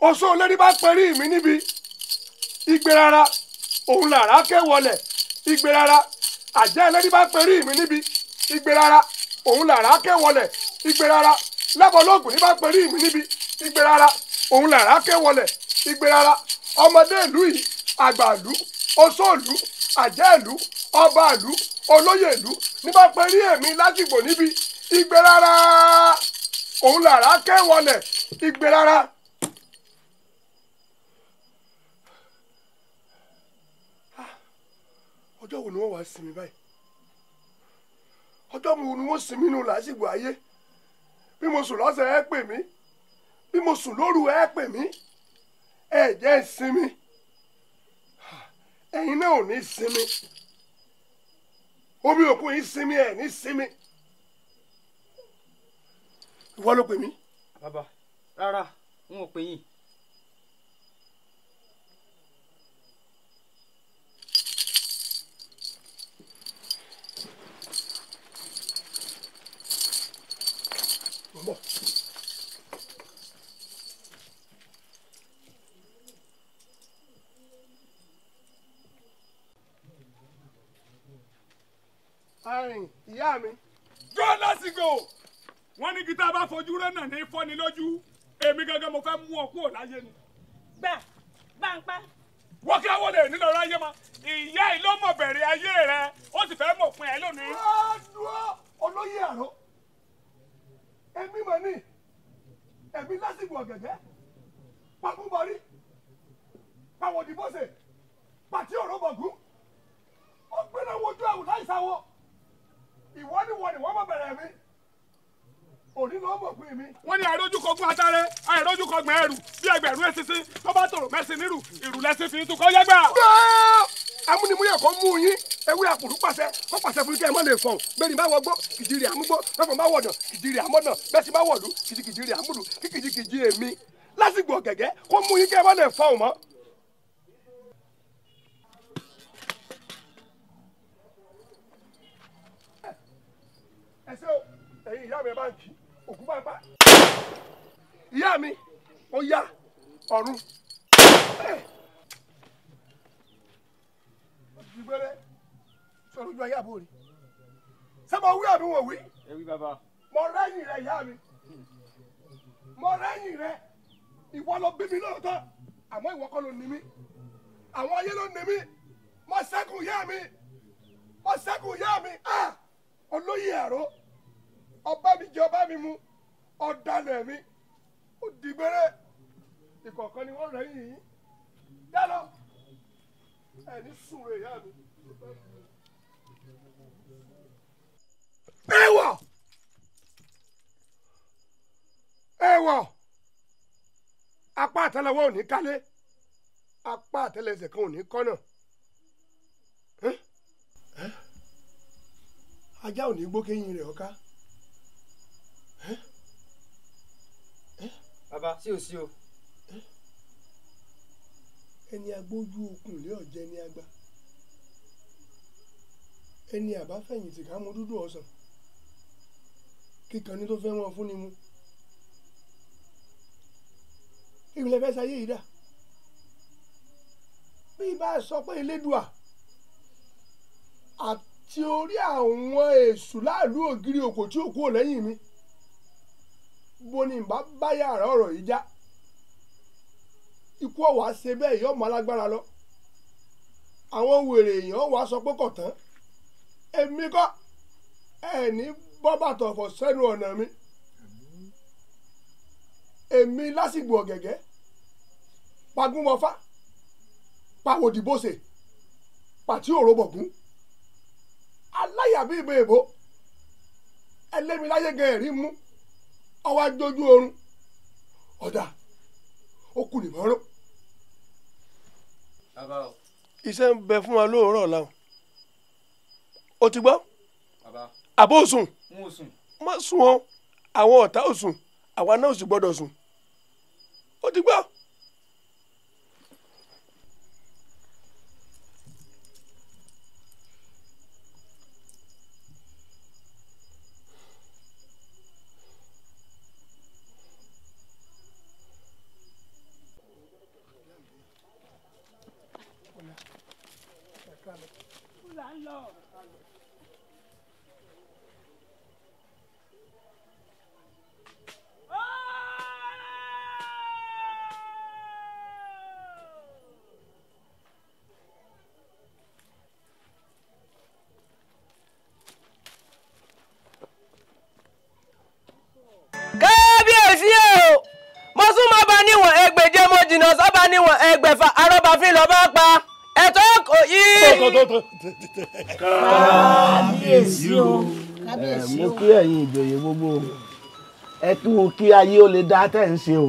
oṣó olórí bá pẹ̀rí mi níbi igbe rara òun làrá ké wọlẹ̀ igbe rara àjẹ́ olórí bá pẹ̀rí mi níbi igbe rara òun làrá ké wọlẹ̀ igbe rara lábọ̀ lóògùn ní bá pẹ̀rí mi níbi igbe rara òun làrá ké wọlẹ̀ ọmọdé ìlú yìí àgbà ìlú oṣó ìlú ìlú ọba ìlú olóyè ìlú ní bá pẹ̀rí èmi lásìkò níbi igbe òun làrá ké wọlẹ̀ ọjọ́ wo ni wọ́n wá sinmi báyìí ọjọ́ wo ni wọ́n sinmi nù lásìkò ayé bí mo sùn lọ́sẹ̀ ẹ pè mí bí mo sùn lóru ẹ pè mí ẹ jẹ́ ìsinmi ẹ̀yin náà ò ní sinmi omi òkun yìí sinmi ẹ̀ ní sinmi ìwọ ló pè mí. bàbá rárá n ò pè yín náà ní fọ́ni lójú èmi gangan mo fẹ́ mú ọ kúrò láyé ni. gbà bá wọ́n kí wọ́n lè nílò ráyé ma ìyá yìí ló mọ̀ bẹ̀rẹ̀ ayé rẹ ó sì fẹ́ mọ̀ pin ẹ lónìí. ọ̀dọ́ olóyè àrò èmi mọ̀ ní èmi lásìkò ọ̀gẹ̀dẹ̀ pàmùbọ̀rí pàwọ̀ dìbòsè pàtí ọ̀rọ̀ bọ̀gún ó gbéra wojú àwùjọ àìsàwọ̀ ìwọ ni wọ́n ni wọ́n mọ̀ bẹ̀rẹ̀ mi òní ló mọ̀ pé wọ́n ní àìrójúkọ̀gbọ́n atare àìrójúkọ̀gbọ́n ẹrù bí ẹgbẹ̀rún ẹ̀sìnsìn tó bá tòrò mẹ́sìn nírù ìrù lẹ́sìn fi tukọ̀ yẹ́gbà. amúnimúyẹ̀ kan mú yín ewúrẹ́ àpòrú pàṣẹ kó pàṣẹ fún kẹ́ ẹ mọ́ lè fọ̀hún bẹ́ẹ̀ bá wọgbọ́ kìjìrì àmúgbó lọ́fọ̀ bá wọ̀dàn kìjìrì àmọ́dàn bẹ́ẹ̀ ti bá wọ̀lú kìjìkìjìrì àmúlù kìkìjìkìjì èmi lásìkò ọ̀gẹ̀gẹ̀ kó mú yín kẹ́ ẹ mọ́ lè fọ̀hún mọ́. ẹ ṣe ẹ̀yin ìyá mi bá ń kí òkú pápá ìyá mi ó yá ọ̀run. ìgbẹ́rẹ́ eh. sọ̀rọ̀ ojú ayé àbò rẹ̀ sábà wí àbí wọ̀ wí. ẹ wí bàbá. mo rẹ́yìn rẹ ìyá mi mo rẹ́yìn rẹ ìwọ ló bí mi lóòótọ́ àmọ́ ìwọ kọ́ ló ní mi àwọn ayé ló ní mi mo ṣẹ́kù ìyá mi mo ṣẹ́kù ìyá mi ah! olóyè ẹ̀rọ. ọba mi jẹ ọba mi mu ọ̀dàlẹ̀ mi ó dìgbẹ́rẹ́ ìkọ̀ọ̀kan ni wọ́n rẹ̀ yìnyín yálọ ẹni yalọ ìyá mi. ẹwọ ẹwọ apá àtẹ́lẹwọ́ ò ní kálé apá àtẹ́lẹsẹ̀ kan ò ní kọ́nà ajá ò ní gbókéyìn rẹ̀ bàbá sí o sí o. ẹni agbójú okùn lé ọ̀jẹ̀ ní agba ẹni àbáfẹ̀yìntì ká mú dúdú ọ̀sán kíkan ní tó fẹ́ wọn fún ni mu ìpìlẹ̀ fẹ́ sáyé yìí dà bí bá sọ pé elédùà àti orí àwọn èṣù láàlú ògiri òkò tí ò kúrò lẹ́yìn mi bo ni bá bá yàrá ọ̀rọ̀ yìí já ikú ọ̀wá ṣe bẹ́ẹ̀ yóò mọ alágbára lọ àwọn wèrè èèyàn wàá sọ pé kọ̀tán èmi kọ́ ẹ̀ẹ́ni bọ́bàtọ̀fọ̀ sẹ́nu ọ̀nà mi èmi lásìgbò ọ̀gẹ̀gẹ̀ pagúnmọ́fá pàwòdìbòsè pàtí òrobọ̀gún aláyàbí ìbò èbó ẹlẹ́mi láyé gan mú ọwọ́ ajójú oorun ọ̀dà ó kù iṣẹ́ ń bẹ fún wa lóòrọ̀ la o o ti gbọ́ àbó sùn má sùn o àwọn ọ̀tá ò sùn àwa náà ò sì gbọ́dọ̀ sùn o ti gbọ́. kábíyèsí o mo kí ẹ̀yin ìjòyè gbogbo ẹ tún kí ayé ó lè dá tẹ̀ ń ṣe o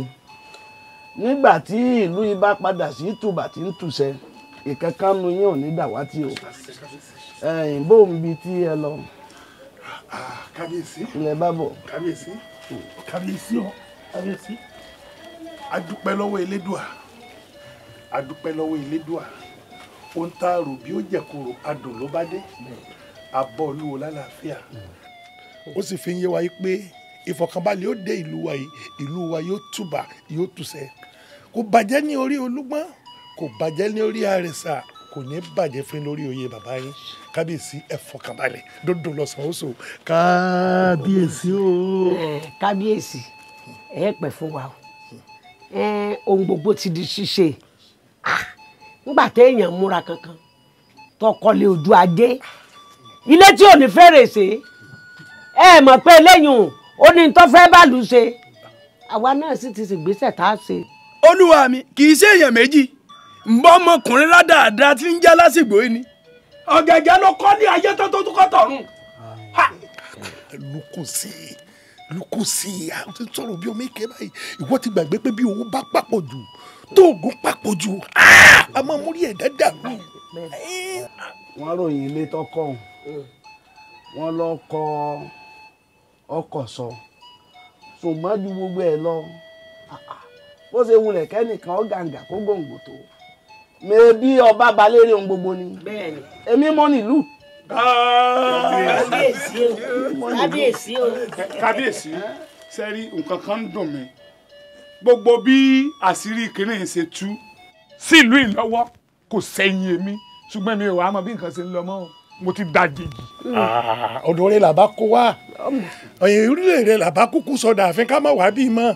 nígbà tí ìlú yìí bá padà sí tùbà tí ń tùṣẹ ìkankan nu yín ò ní dàwátì o ẹ̀yìn bó ń bi tí ẹ lọ. kábíyèsí ilẹ̀ bá bọ̀. kábíyèsí kábíyèsí o kábíyèsí a dúpẹ́ lọ́wọ́ elédùà a dúpẹ́ lọ́wọ́ elédùà ohun tá a rò bí ó jẹ̀kọ̀rọ̀ adùn ló bá dé abọ́ olúwo lálàáfíà ó sì fi ń yé wa yìí pé ìfọ̀kànbalẹ̀ ó dé ìlú wa yìí ìlú wa yóò túbà yóò túṣẹ kò bàjẹ́ ní orí olúgbọ́n kò bàjẹ́ ní orí àrẹ̀sà kò ní bàjẹ́ fún lórí oyè bàbá yín kábíyèsí ẹ dòdò lọ́sàn-án ó so kábíyèsí o. kábíyèsí ẹ pẹ́ fún wa ohun gbogbo ti di ṣíṣe. Ah! ńgbà téèyàn múra kankan tọkọlé ojú ajé ilé tí ò ní fèrèsé ẹ mọ̀ pé eléyìí ò ní tó fẹ́ bàlù ṣe àwa náà sì ti ṣègbésẹ̀ tá a ṣe. olúwa mi kì í ṣe èèyàn méjì ǹbọ ọmọkùnrin ládàáda tí ń já lásìgbò yìí ni ọ̀gẹ̀gẹ̀ ló kọ́ ní ayé tó tó kọ́ tọ̀run. Hmm. lukun sí i lukun sí i a ti sọ̀rọ̀ bí omi ike báyìí ìwọ ti gbàgbé pé bí owó bá papọ̀ jù tóògùn papọ̀ jù a máa múrí ẹ̀ dáadáa. wọ́n ròyìn ilé tọkọ wọn lọ kọ ọkọ̀ sọ ṣùgbọ́n ju gbogbo ẹ̀ lọ bó ṣe wulẹ̀ kẹ́nìkan ó gàǹgà kó gbòǹgbò tó mẹ́ẹ̀bí ọba balẹ̀rẹ̀ ohun gbogbo ni èmi mọ́ nílùú kábíyèsí o kábíyèsí sẹ́rí nǹkan kan ń dùn mí gbogbo bí àṣírí kìnìún ṣe tú sílùú ìlọ́wọ́ kò sẹ́yìn èmi ṣùgbọ́n mi ò wá mọ bí nǹkan ṣe ń lọ mọ́ o mo ti dàjèjì. Ah, ọ̀dọ̀ rẹ̀ làbá kó wá ọ̀yìn orílẹ̀ rẹ̀ làbá kúkú sọdà àfin ká má wàá bí mọ́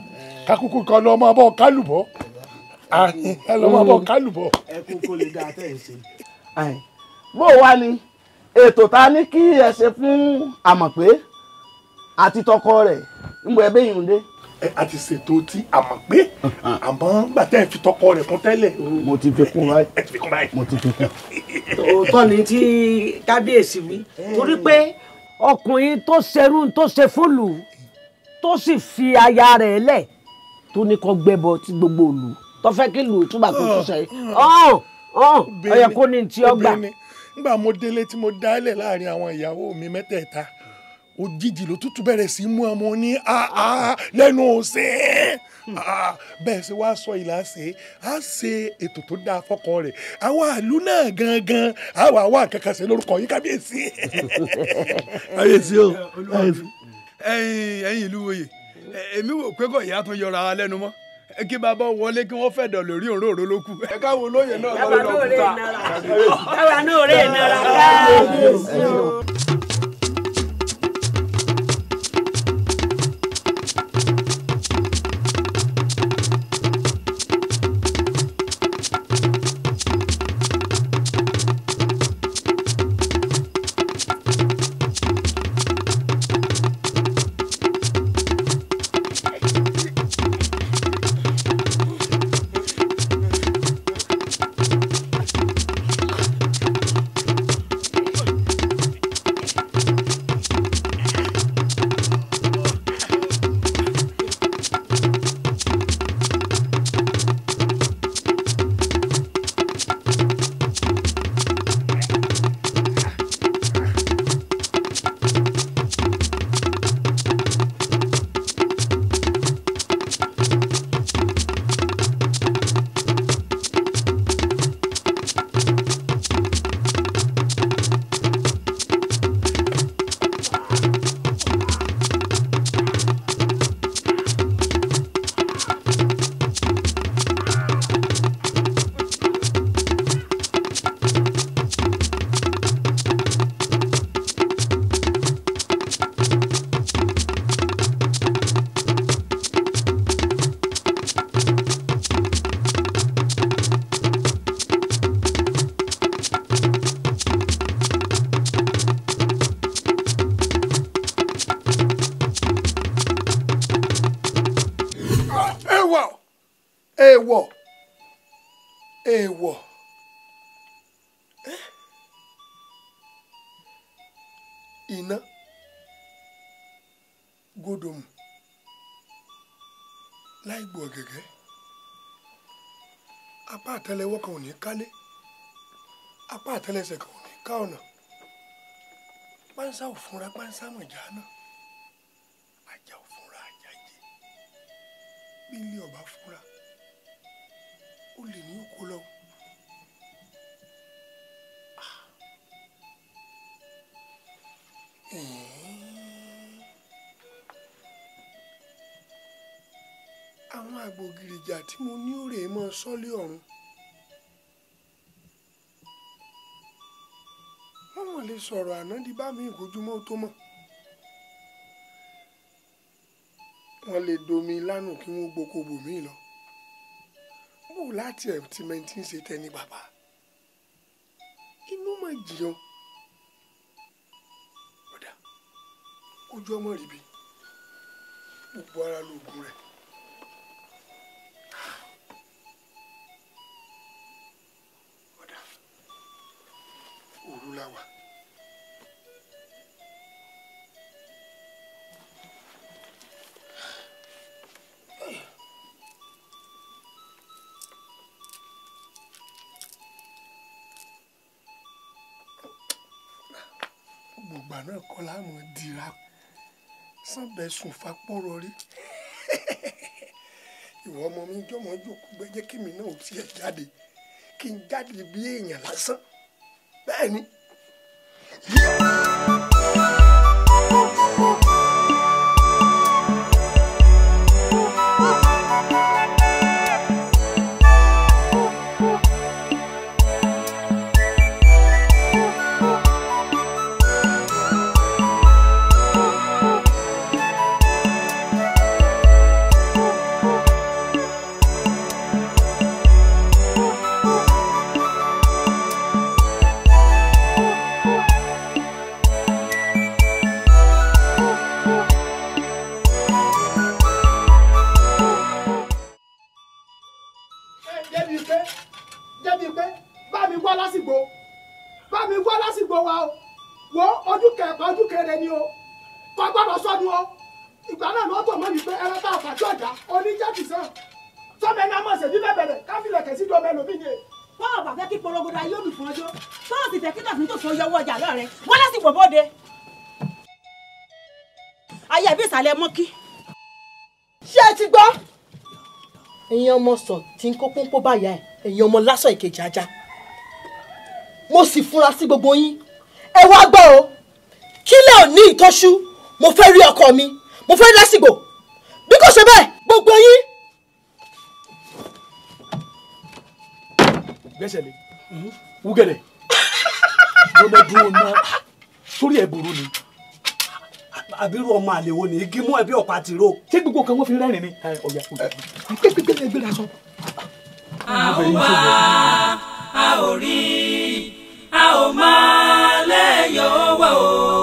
kákúkú kan lọ ọmọ bọ́ kálùbọ́ ọmọ bọ́ kálùbọ́. ẹ kú kó lè dáa tẹ́ ẹ ṣe. bó o wá ni ètò ta ní kí ẹ ṣe fún àmọ̀pé àti tọkọ rẹ̀ ń bọ ẹbí ìhùn a ti ṣètò tí a mọ̀ pé àmọ́ gbà tẹ́ ẹ̀ fi tọkọ rẹ̀ kún tẹ́lẹ̀. mo ti fi kún báyìí. ẹ ti fi kún báyìí. mo ti fi kún. òótọ́ ni tí kábíyèsí wí torí pé ọkùnrin tó ṣerú tó ṣe fúlù tó sì fi aya rẹ̀ lẹ̀ tó ní kó gbẹ́bọ tí gbogbo òlù tó fẹ́ kí lù túbà kó tó ṣe ọ̀hún ọ̀hún ọ̀yẹ̀kọ́ ni ti ọgbà. nígbà mo délé tí mo dálẹ̀ láàrin àwọn ìyàwó mi mẹ́tẹ̀ẹ̀ta òjijì ló tútù bẹ̀rẹ̀ sí mú ọmọ ní lẹ́nu ọ̀sẹ̀ hmm. bẹ́ẹ̀ sì wá sọ ìlà ṣe á ṣe ètò tó dáa fọ́kọ rẹ̀ àwa ìlú náà gangan àwa àwa kankan ṣe lórúkọ yìí kábíyèsí. kábíyèsí o ẹ̀yin ẹ̀yin ìlú wòye èmi wò pé kò yá tún yọra lẹ́nu mọ́ kí bàbá wọlé kí wọ́n fẹ̀dọ̀ lórí òróró ló kù. ẹ káwọn olóyè náà lọ́wọ́ lọ́wọ́ kúta. káwa náà rè é nara ẹlẹ́sẹ̀ kan ò ní ká ọ̀nà pánsá ò fúnra pánsá mọ̀já náà ajá ò fúnra ajá jẹ bí ilé ọba fúnra ó lè ní òkú lọ. Ah. àwọn àgbògìrìjà tí mo ní ó rèé mọ́ sọ́lé sọ̀rọ̀ àná di bá mi ìkójúmọ́ tó mọ̀ wọ́n lè domi lánàá kí wọ́n gboko bòmí lọ bò láti ẹ̀ tí mẹ́tí ń ṣe tẹ́ni bàbá inú mà jìyàn ọ̀dà ojú ọmọ rìbí gbogbo ara lóògùn rẹ̀. kọ́ láwọn dira sanbẹ sùn fapò rọrí ìwọ ọmọ mi jọmọ jókòó gbẹjẹ kémi náà ò tiẹ̀ jáde kí n jáde bí èèyàn lásán bẹ́ẹ̀ ni. Yeah. ọmọ sọ tí ń kó pọ́npọ́ báyà ẹ̀ ẹ̀yin ọmọ lásán ìkejì ajá mo sì fura sí gbogbo yín ẹ wá gbọ́ o kílẹ̀ ò ní ìtọ́ṣú mo fẹ́ rí ọkọ mi mo fẹ́ rí lásìgbò bí kò ṣe bẹ́ẹ̀ gbogbo yín. gbẹ́sẹ̀ lé wúgẹ̀lẹ̀ ló lọ dúró náà sórí ẹ̀ burú ni abiru ọmọ àlèwò ní igi mú ẹbí ọ̀pá ti ró. ṣé gbogbo kan wọ́n fi rẹ́rìn ni. ọ̀yà pépépé ni ẹgbẹ́ra sọ. a ò wá a ò rí a ò máa lẹ́yọ̀ wá o.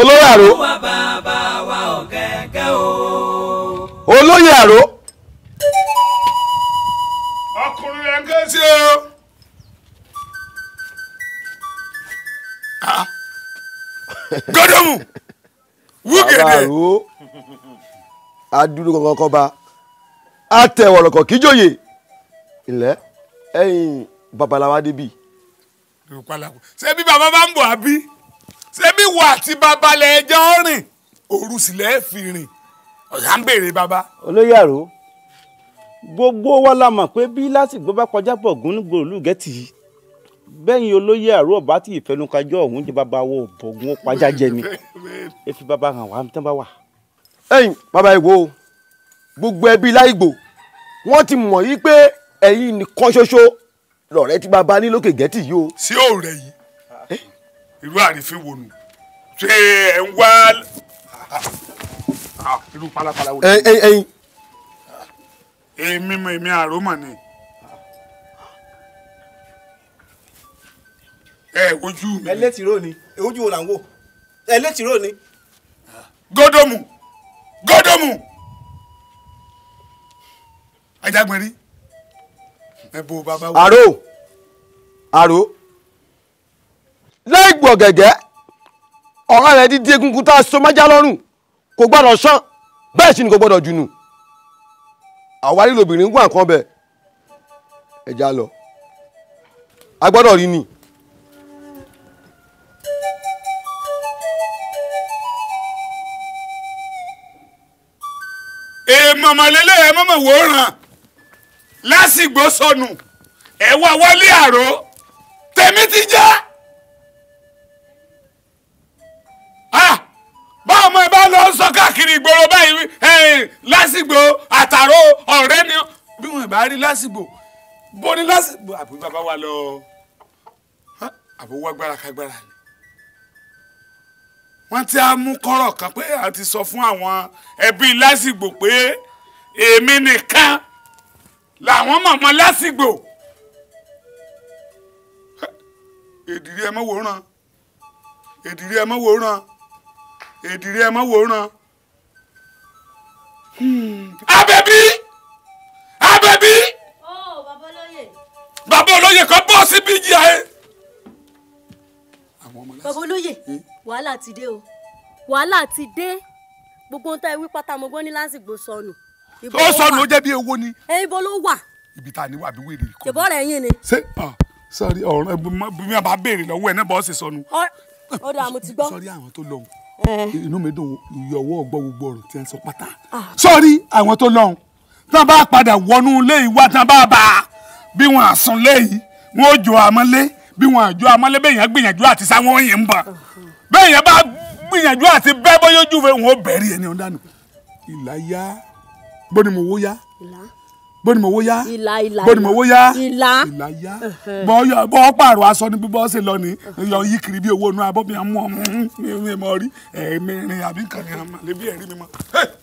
olóyè àró. olóyè àró. ọkùnrin yẹn ké sí o. gọdọmù wúgèdè. adúrú kankan kọba àtẹwọlọkọ kíjòyè ilẹ̀ ẹ̀yin babaláwa débi. ṣé bí bàbá bá ń bọ̀ àbí ṣebí wo àti Baba lẹ ẹjọ́ rìn òru sì lẹ́ẹ̀ fi rìn ọ̀sà ń béèrè bàbá. olóyè àrò gbogbo wa la mọ̀ pé bí lásìgbò bá kọjá pọ̀ gúnúgbò lùgẹ́tì bẹ́yìn olóyè àrò ọba tí ìfẹnukajọ ọ̀hún jẹ bàbá wo bọ̀gùn pàjá jẹ ni efi Baba hàn wá tán bá wà. ẹ̀yin bàbá ìwò gbogbo ẹbí láìgbò wọn ti mọ̀ yí pé ẹ̀yin nìkan ṣoṣo lọ̀rẹ́ tí bàbá ní lókè gẹ́tì yìí o. sí òòrè yìí irú àrífín wo nù ṣé ẹ ń wá ah, ah, irú pálapàla wo. ẹyin ẹyin. èmi mọ èmi àròmọ ni ẹ ojú mi. ẹlẹ́tìró ni ojú wo là ń wò ẹlẹ́tìró ni. gọ́dọ̀mù gọ́dọ̀mù ajagbẹ̀rí ẹ bo bàbá wo. àrò àrò. láì gbọ̀gẹ̀gẹ́ ọ̀rọ̀ rẹ̀ dídí egungun tá a so májá lọ́rùn kò gbọ́dọ̀ sán bẹ́ẹ̀ ni kò gbọ́dọ̀ jùnù àwárí lobìnrin wà nǹkan bẹ́ẹ̀ ẹja lọ a gbọ́dọ̀ rí ni. ran ẹ mọ̀mọ̀ wò ràn lásìgbò sọnù ẹ sọ káàkiri ìgboro báyìí lásìgbò àtàrò ọ̀rẹ́ ni bí wọn bá rí lásìgbò bó ní lásìgbò àbí bàbá wa lọ àbò wágbára kágbára ni wọ́n ti á mú kọ́rọ̀ kan pé a ti sọ fún àwọn ẹbí lásìgbò pé èmi nìkan làwọn mọ̀mọ́ lásìgbò èdìrí ẹ mọ́ wòran èdìrí ẹ mọ́ wòran èdìrí ẹ mọ wòran hmm. abẹbí abẹbí bàbá olóyè kan bọ́ síbi ìjìyà ẹ. bàbá olóyè wàhálà ti dé o wàhálà ti dé gbogbo ohun tá ẹ wí pátá mo gbọ́ ní lásìgbò sọnù. ó sọnù ó jẹ́ bí ewo ni. ẹ ibo ló wà. ibi tá a ní wà bí wèrè kọ́. ìbọn rẹ̀ yín ni. ṣé sọrí ọ̀rọ̀ bí mi bá béèrè lọ́wọ́ ẹ náà bọ́ sí sọnù. ọ̀dọ̀ àmọ́ ti gbọ́. sọrí àwọn tó lọ Eh. inú mi dùn ìyọwọ́ ọgbọ́ gbogbo ọ̀rọ̀ tí ẹ ń sọ pátá ah. sọ́ọ́rí àwọn tó lọ́hùn tá a bá padà wọnú ilé ìwà tá a bá bá a bí wọn àsùn léyìí wọn ò jọ àmọ́lé bí wọn àjọ àmọ́lé bẹ́ẹ̀ yẹn gbìyànjú àti sáwọn yẹn ń bà bẹ́ẹ̀ yẹn bá gbìyànjú àti bẹ́ẹ̀ bọ́yọ́jú fẹ́ wọn ò bẹ̀rẹ̀ ẹni ọ̀dánù ìlà yá gbóni mo wó yá bóni mo wó yá bóni mo wó yá ìlà yá bọ́ pààrọ̀ aṣọ ni bíbọ́ ṣe lọ ni yọ yí kiri bí owó inú abọ́ hmm, mi àmú ọmọ mi mọ rí ẹ̀mí rin àbí nǹkan ni àmọ́ lè bí ẹ̀rí mi mọ́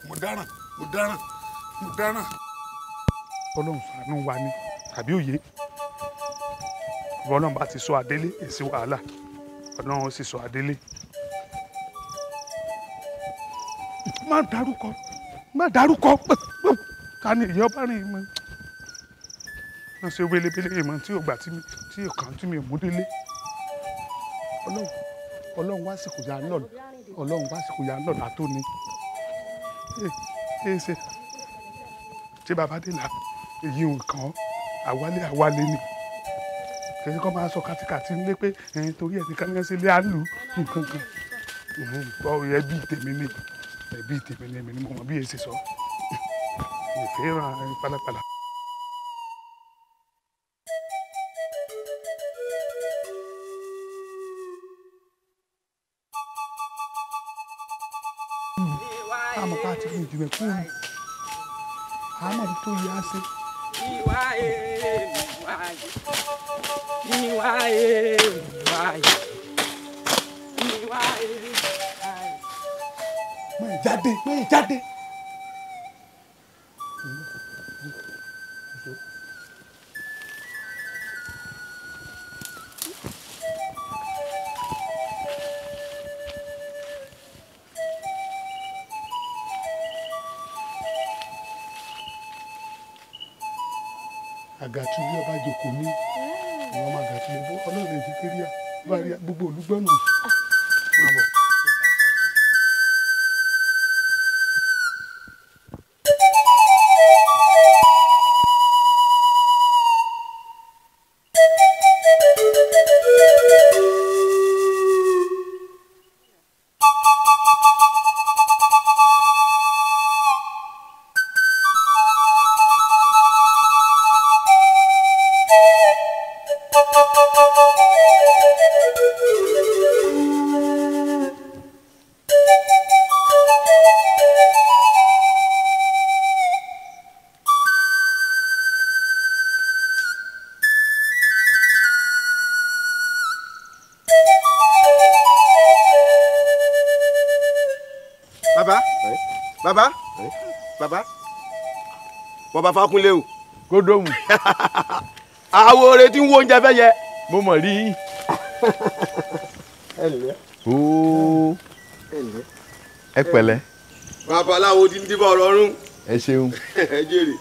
mo dáràn mo dáràn mo dáràn. ọlọ́run ṣàánú wa ni àbí òye ọlọ́run bá ti sọ adélé èsì wàhálà ọlọ́run ó sì sọ adélé. má dárúkọ má dárúkọ ká ní ìyá ọba rìn mọ́ wọ́n ṣe wélébélé ìmọ̀ tí ògbà tí ìkan tí mi ò mú délé ọlọ́run ọlọ́run wá sìkò yà ń lọ ọlọ́run wá sìkò yà ń lọ látó ni ẹ ṣe tí bàbá dé là èyí nǹkan àwálé àwálé ni kẹ́sì kan máa sọ kátikàti nílé pé ẹ̀yin torí ẹnìkan ní ẹsẹ̀ ilé á lù nǹkan kan ẹ̀bí tèmi ni ẹ̀bí tèmi ni èmi ni mo mọ̀ bí èsì sọ ìfẹ́ràn pálapàla. àmọ́ pa àti fún ìjùmẹ̀ kúrò àmọ́ tó yẹ á ṣe. ìwà èrè ìwà èrè ìwà èrè ìwà èrè ìwà èrè. mọ̀ ẹ̀ jáde mọ̀ ẹ̀ jáde. Gomes. baba baba fakunle o. kódómù. àwo retí ń wo oúnjẹ fẹ́ yẹ. mo mọ̀ rí. ẹ lẹ́. ooo ẹ pẹ̀lẹ́. babaláwo ti ń dìbò ọ̀rọ̀ ẹ ṣeun. ẹ jèrè.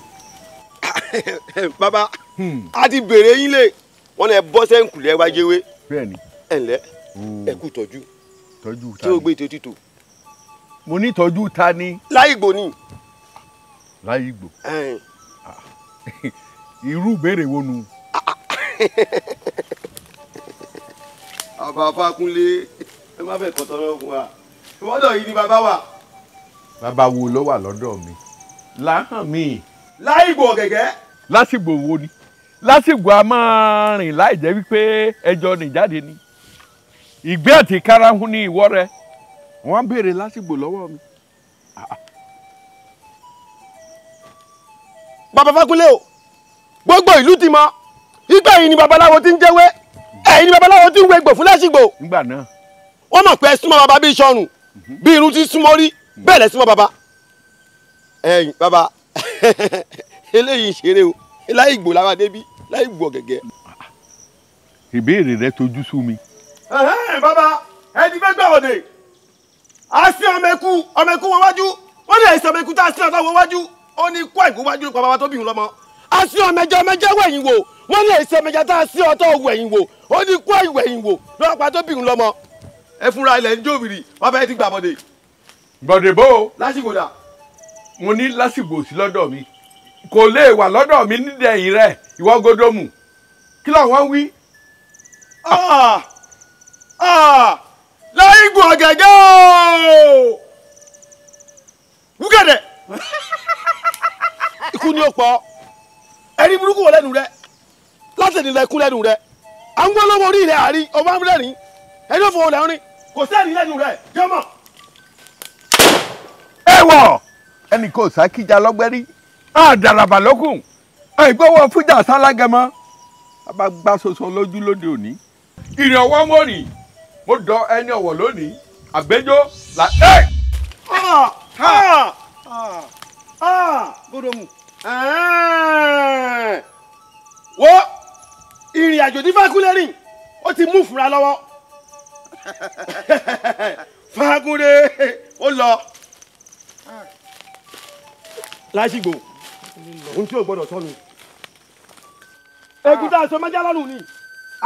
baba hmm. a ti bèrè yín lè wọn lè bọ́ sẹ́ńkù lẹ́wájẹ́wé. bẹ́ẹ̀ni. ẹ lẹ́ ẹ kú tọ́jú. tọ́jú ta ni tí o gbé ètò títò mo ní ìtọ́jú ta ni. láìgbò ni. láìgbò. irú ìbéèrè wo nu. bàbá Fákúnlé ẹ má fẹ́ kọ́tọ́ lọ́wọ́ wa ìwọ́dọ̀ yìí ni bàbá wa. bàbá wo ló wà lọ́dọ̀ mi. láhàn mi. láìgbò gẹ́gẹ́. lásìgbò wo ni lásìgbò a máa rìn láì jẹ́ wípé ẹjọ́ nìjáde ni ìgbé àti karahun ni ìwọ rẹ wọ́n á béèrè lásìgbò lọ́wọ́ mi. bàbá Fákúnlé o gbogbo ìlú ti mọ ìgbà yìí ni babaláwo ti ń jẹ́wé ẹ̀yìn ni babaláwo ti ń wé gbò fún lásìgbò. nígbà náà. wọ́n mọ̀ pé ẹ súnmọ́ bàbá bíi sọnù mhm. bí irun ti súnmọ́ rí bẹ́ẹ̀ lẹ súnmọ́ bàbá. ẹ̀yin bàbá eléyìí ṣeré o láì gbò làwọn adébí láì gbò gẹ́gẹ́. ìbéèrè rẹ tojú sú mi. bàbá ẹni fẹ́ gbà wọ̀dẹ̀ a sin ọmọ ẹkú ọmọ ẹkú wọn wájú wọn lè sin ọmọ ẹkú tá a sin ọtá wọn wájú ó ní kó ẹkú wájú nípa bàbá tó bí òun lọ́mọ a sin ọmọ ẹjọ ọmọ ẹjẹ wẹ̀yìn wò wọn lè sin ọmọ ẹjọ tá a sin ọtọ wẹ̀yìn wò ó ní kó ẹwẹ̀yìn wò lọ́pàá tó bí òun lọ́mọ. ẹ fúnra ilẹ̀ ń jó bìrì wọn fẹ́ẹ́ ti gbà bọ̀dẹ̀. bọ̀dẹ̀ bó o. lásìkò dà. mo ní lásìkò sí lọ́dọ̀ mi kò lè wà lọ́dọ̀ mi nídẹ̀ẹ́yìn rẹ̀ ìwọ godomu kí làwọn wí. ah ah láì gbọ́ gẹ́gẹ́ o wúgẹ̀dẹ̀. ikú ni ó pọ̀ ẹni burúkú wọ lẹ́nu rẹ láti ẹni lẹkú lẹ́nu rẹ à ń gbọ́ lọ́wọ́ orí rẹ àárín ọmọ amúlẹ́rìn ẹni òfò ọ̀lẹ́ rin kò sẹ́ni lẹ́nu rẹ jọ́mọ̀. ẹ wọ ẹnì kò sákìjà lọ́gbẹ́rí àdàràbà lọ́kùn àìgbọ́wọ́ fújà sálágẹmọ a bá gbá soso lójú lóde òní ìrànwọ́ mọ́rin mo dọ ẹni ọ̀wọ̀ lónìí àgbẹjọ là. gbódòmù wo ìrìn àjò tí fákúnlẹ̀ rìn ó ti mú fúnra lọ́wọ́ fákúnlẹ̀ ó lọ lásìgbò ohun tí ò gbọdọ̀ sọnù. ègúta àṣọ májálọ́nù ni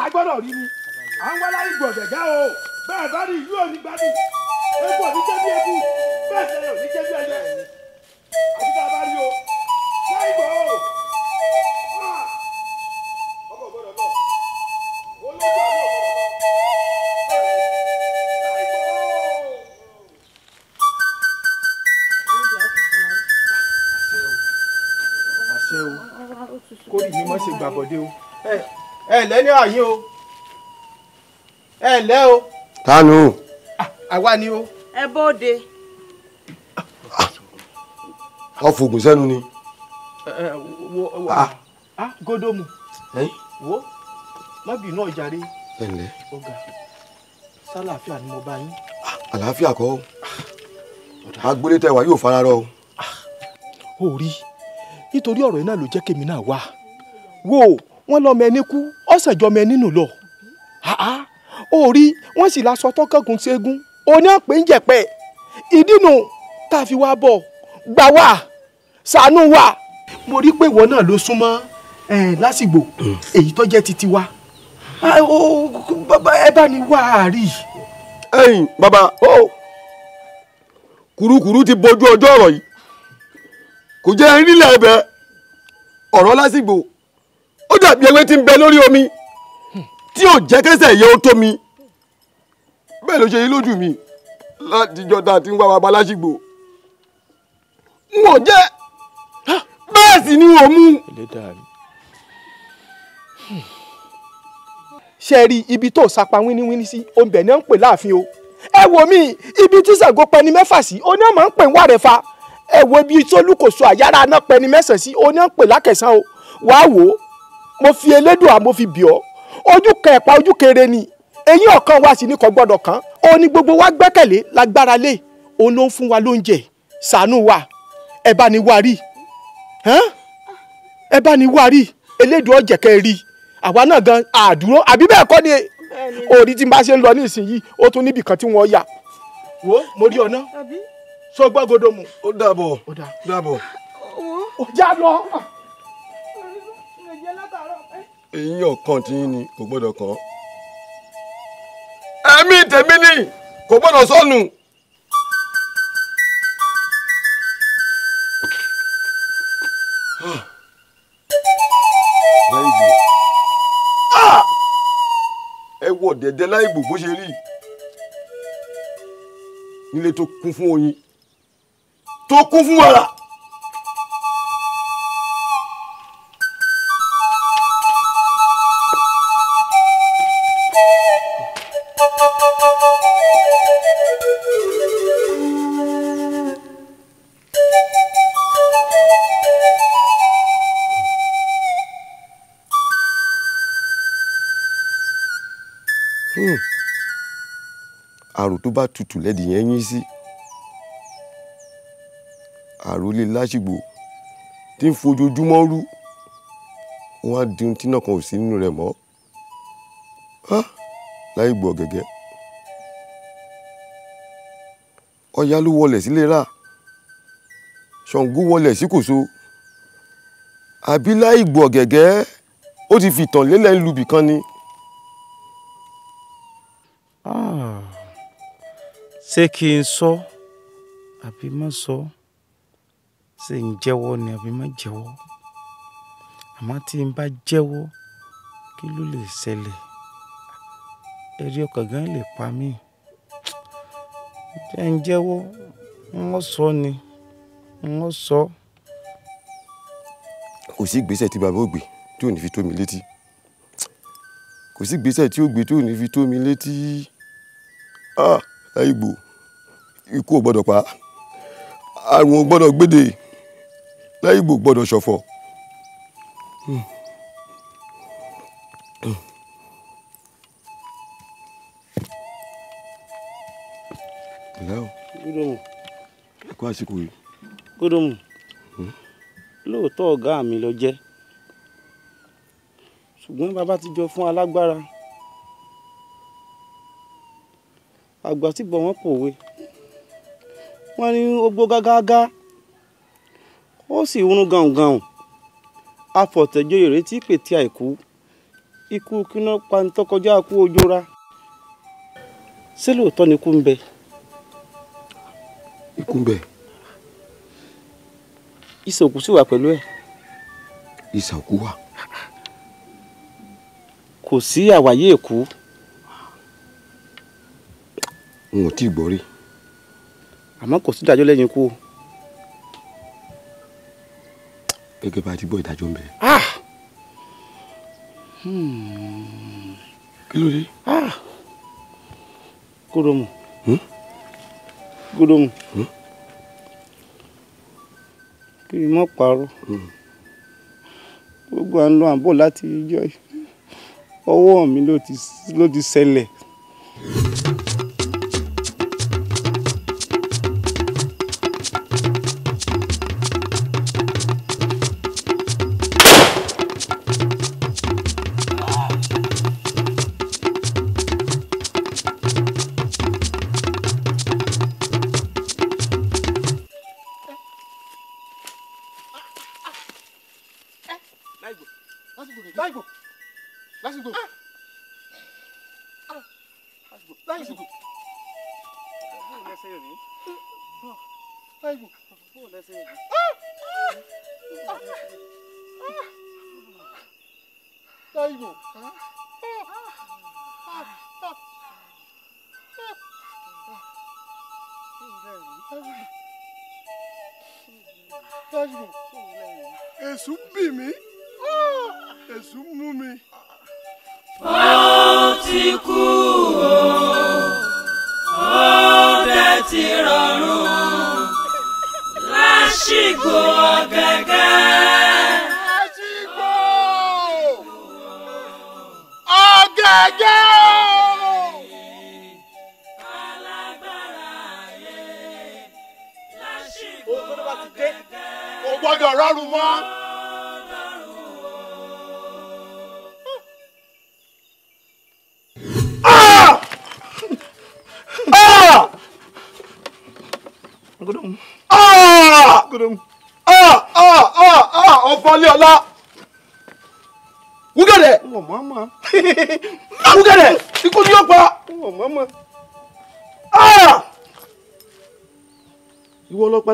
a gbọ́dọ̀ rí ni à ń wá láyé gbọ̀dẹ̀gá o bẹ́ẹ̀ bá rí ìlú òní gbádùn epo òní jẹ́ bí eku bẹ́ẹ̀ sẹ́yìn òní jẹ́ bí ẹyẹ àti tá a bá rí o láyé gbọ̀ o. Ah! ọkọ̀ gbọ́dọ̀ lọ olóògbé àlọ́ gbọ́dọ̀ lọ. àṣẹ o kórìí mi mọ́ ṣe gbàbọ̀dé o ẹ ẹ lẹ́ni àyín o. ẹ o. tanu. Ah, àwa ni o. ẹ ọ fògùn sẹ́nu ni. Ah. Ah, gódómù wo mọ́bì náà jàre. ẹ ǹlẹ́. sálàáfíà ni mo bá yín. àlàáfíà kọ́ agbolé tẹwàá yóò fara rọ o. rí nítorí ọ̀rọ̀ yìí náà ló jẹ́ kémi náà wá wọ́n orí wọ́n sì lasọ tọ́kẹ́gun ségun oní àpè ń jẹ̀pẹ̀ ìdínú tá a fi wá bọ̀ gbà wá ṣàánú wa. mo rí pé ìwọ náà ló súnmọ́ lásìgbò hmm. èyí tó jẹ́ titi wa ẹ bá ní wá a rí. ẹ̀yin bàbá o kùrukùru ti bojú ọjọ́ ọ̀rọ̀ yìí kò jẹ́ nílẹ̀ ẹ̀bẹ̀ ọ̀rọ̀ lásìgbò ó dàbí ewé tí ń bẹ lórí omi tí ò jẹ́ kẹ́sẹ̀ yẹ ó tó mi bẹ́ẹ̀ ló ṣe yí lójú mi látijọ́ tá a ti ń wá baba láṣìgbò n ò jẹ́ bẹ́ẹ̀ sì ni ò mú. ṣe rí ibi tó sapa wíníwíní sí oúnjẹ ni à ń pè láàfin o ẹ wò mí ibi tí Ṣàngó pẹni mẹ́fà sí oní àmọ́ ń pè ń wà rẹ̀ fa ẹ wo ibi tólùkòso àyára náà pẹni mẹ́sàn-án sí oní à ń pè lákẹ̀sán o wàá wò ó mo fi elédùn àmọ́ fi bì ọ́ ojú kẹpa ojú kere ni eyín ọ̀kan wa sì ní kò gbọ́dọ̀ kan ó ní gbogbo wa gbẹ́kẹ̀lé lágbára lé òun ló ń fún wa lóúnjẹ ṣàánú wa ẹ bá ní wá rí ẹ bá ní wá rí elédùn ọ̀jẹ̀ kẹ́ rí àwa náà gan àdúró àbí bẹ́ẹ̀ kọ́ ni òòrí tí n bá ṣe ń lọ ní ìsinyìí ó tún níbì kan tí wọ́n yà wo mo rí ọ̀nà sọ gbọ́ godomu. ó dàbọ̀ ó dàbọ̀. ó já lọ eyín ọ̀kan tí yín ni kò gbọ́dọ̀ kàn án. ẹ̀mí tèmi ni kò gbọ́dọ̀ sọnù. ẹ wọ dẹ̀dẹ̀ láì gbò bó ṣe rí nílé tó kún fún oyin tó kún fún wàrà. tó bá tutù lẹ́dì yẹn yín sí àròlé lásìgbò tí ń fojoojúmọ́ rú wọn á di ohun tí náà kan ò sí nínú rẹ̀ mọ́ láì gbọ́ gẹ́gẹ́ ọ̀yá ló wọlẹ̀ sílé rà ṣàngó wọlẹ̀ sí kòso àbí láì gbọ́ gẹ́gẹ́ ó ti fìtàn lélẹ̀ ń kan ni. ṣé kí n sọ àbí má sọ ṣé n jẹ́wọ́ ni àbí má jẹ́wọ́ àmọ́ tí n bá jẹ́wọ́ kí ló lè ṣẹlẹ̀ ẹ̀rí ọkàn gan lè pa mí jẹ́ n jẹ́wọ́ wọ́n sọ ni wọ́n sọ. kò sí ìgbésẹ̀ tí bàbá ò gbé tí ò ní fi tó mi létí kò sí ìgbésẹ̀ tí ó gbé tí ò ní fi tó mi létí ah Igbo ikú ò gbọ́dọ̀ pa àrùn ò gbọ́dọ̀ gbédè láyé ìgbò gbọ́dọ̀ ṣọ̀fọ̀. kó àsìkò yìí. kódòmù hmm? lóòótọ́ ọ̀gá mi ló jẹ́ ṣùgbọ́n bàbá ti jọ fún alágbára àgbà tí bọ̀ wọ́n pòwe. wọ́n ní ó gbó gágágá ó sì wúrún gàùngàùn afọ̀tẹ̀jọyè rẹ̀ tí pètè àìkú ikú kíná pantọ́kọjá kú ojúra ṣé lóòótọ́ ni ikú ń bẹ. ikú ń bẹ. ìsòkú sì wà pẹ̀lú ẹ̀. ìsòkú wà. kò sí àwáyé èkó. n ò tí ì gbọ́ rí. àmọ́ kò sí ìdájọ́ lẹ́yìn ikú o. gẹ́gẹ́ bá a ti gbọ́ ìdájọ́ ń bẹ. Ah! Hmm. kí ló dé. Ah! kódòmù hmm? kódòmù hmm? kí n mọ̀ pààrọ̀ gbogbo à ń lọ àbọ̀ láti ijọ́ yìí ọwọ́ mi ló ti ṣẹlẹ̀.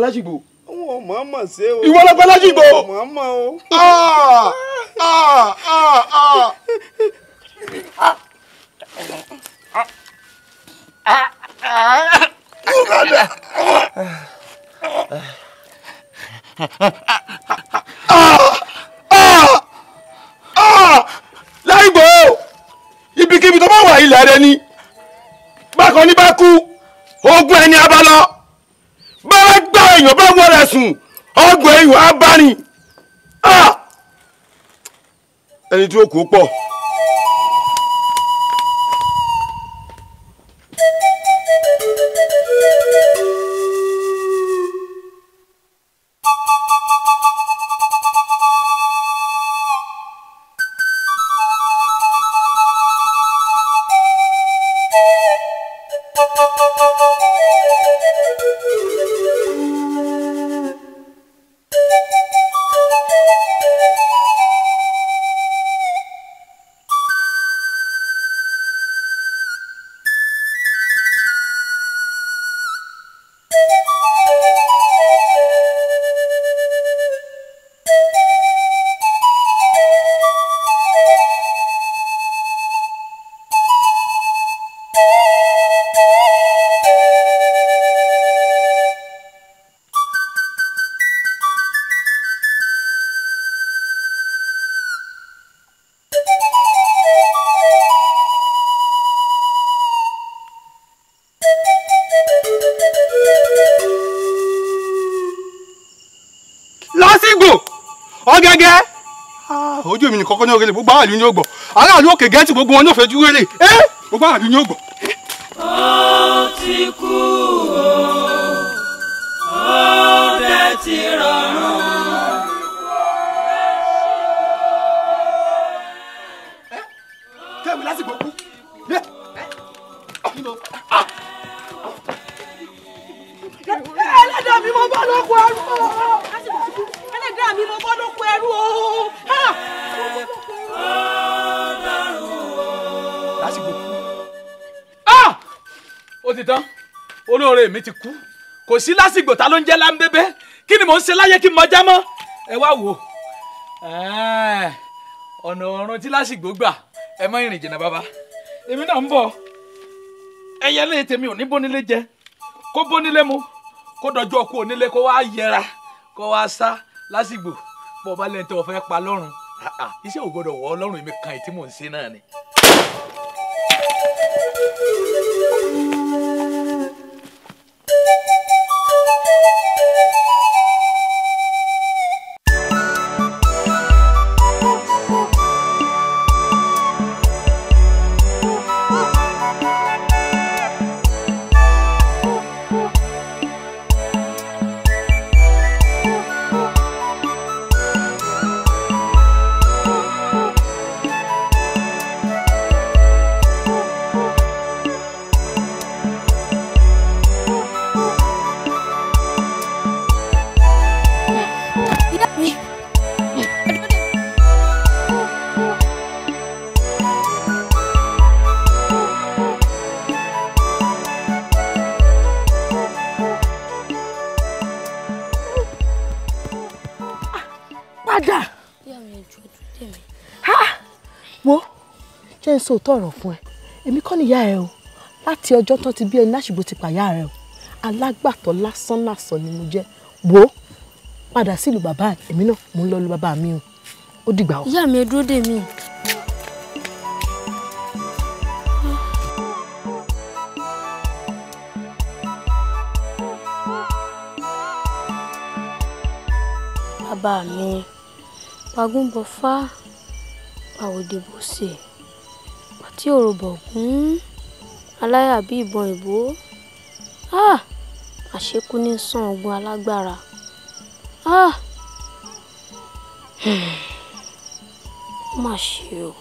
lásìgbò. wọn ò mọ̀ mọ̀ ṣe o. ìwọ ló pa lásìgbò. wọn ò mọ̀ mọ̀ o. Bùkádà. Ah, ah, ah, Láìgbò! Ibikíbi tó bá wà ilẹ̀ rẹ ni. ẹni tí ó kó pọ̀. èmi nìkan kọ́ ní òrèlè gbogbo aráàlú ni ó gbọ́ aráàlú òkè gẹ́ǹtì gbogbo wọn ní òfẹ́ dúró gbogbo aráàlú ni ó gbọ́. èmi ti kú kò sí lásìgbò ta ló ń jẹ́ láńbébé kí ni mò ń ṣe láyé kí n mọ jámọ́ ẹ wá wò ọ̀nà ọ̀run tí lásìgbò gbà ẹ mọ ìrìn jìnnà bàbá èmi náà ń bọ̀ ẹyẹ lè tèmi ò ní bónílé jẹ kó bónílé mu kó dọjọ́ ọkú onílé kó wá yẹra kó wá sá lásìgbò bọ́ọ̀ bá lẹ́ńtẹ́ ọ̀fẹ́ pa lọ́rùn iṣẹ́ ò gbọ́dọ̀ wọ́ ọlọ́run èmi kan ètí ń sọ òótọ́ ọ̀rọ̀ fún ẹ èmi kọ́ nìyá ẹ o láti ọjọ́ tán ti bí ẹni láṣìbò ti pàyà rẹ o alágbàtọ́ lásán lásán ni mo jẹ́ wò ó padà sílùú bàbá èmi náà mo ń lọ lu bàbá mi o ó dìgbà o. ìyá mi ẹ dúró dè mí. bàbá mi pagúnbọ̀fá pàwọ̀dìbọ̀sẹ̀ tí òrùbọ̀ gún aláyà bí ìbọn ìbò ah àṣekú ní sàn ogun alágbára ah ó hmm. mà ṣe o.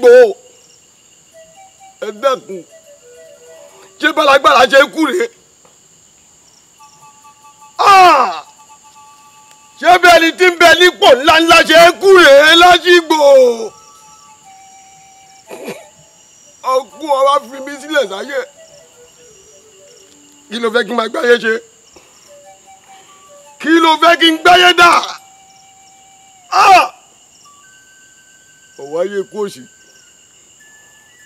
Ìgbòho ẹ dẹ́kun ṣé balagbára ṣe kú rèé ah! ṣé bí ẹni tí ń bẹ nípò ńláńlá ṣe kú rèé lásìgbò ọkùn ọba fi mí sílẹ̀ sáyé kí ló fẹ́ kí n máa gbáyé ṣe kí ló fẹ́ kí n gbáyé dà ah! ọ̀wáyé kú òsì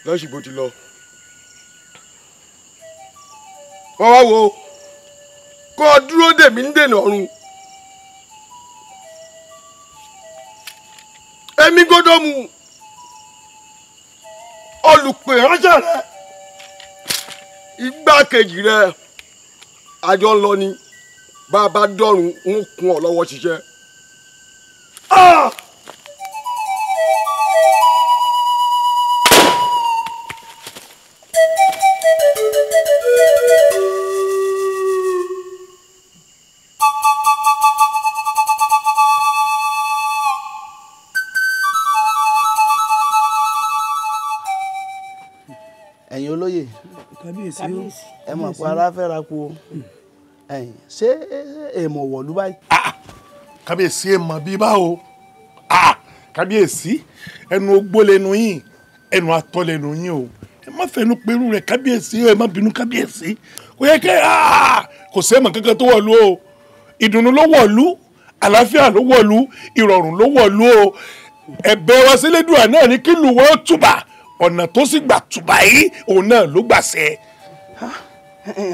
lọ́sìgbò ti lọ. wọ́n wá wo kó o dúró dèmí ń dènà ọ̀run. èmi gbọ́dọ̀ mu olùpèránṣẹ́ rẹ igbákejì rẹ àjọ ń lọ ni bá a bá dọ̀rùn ń kun ọ lọ́wọ́ ṣiṣẹ́. bá fẹ́ ra ko ẹ̀yìn ṣé èèmọ̀ wọ̀lú báyìí. Ah, ah, kábíyèsí èèmọ̀ bíi báwo ah, kábíyèsí ẹnu ogbó lẹnu yín ẹnu atọ́ lẹnu yín o ẹ má fẹnu pẹ̀lú rẹ̀ kábíyèsí ẹ má bínú kábíyèsí kò yẹ kẹ́ kò sẹ́mọ̀ kankan tó wọ̀lú o ìdùnnú ló wọ̀lú àlàáfíà ló wọ̀lú ìrọ̀rùn ló wọ̀lú o ẹ̀bẹ̀ wa sílédùà náà ni kí lùwọ́ túbà ọ̀nà tó sì gbà túbà yìí òun náà ló gbà sẹ́ẹ̀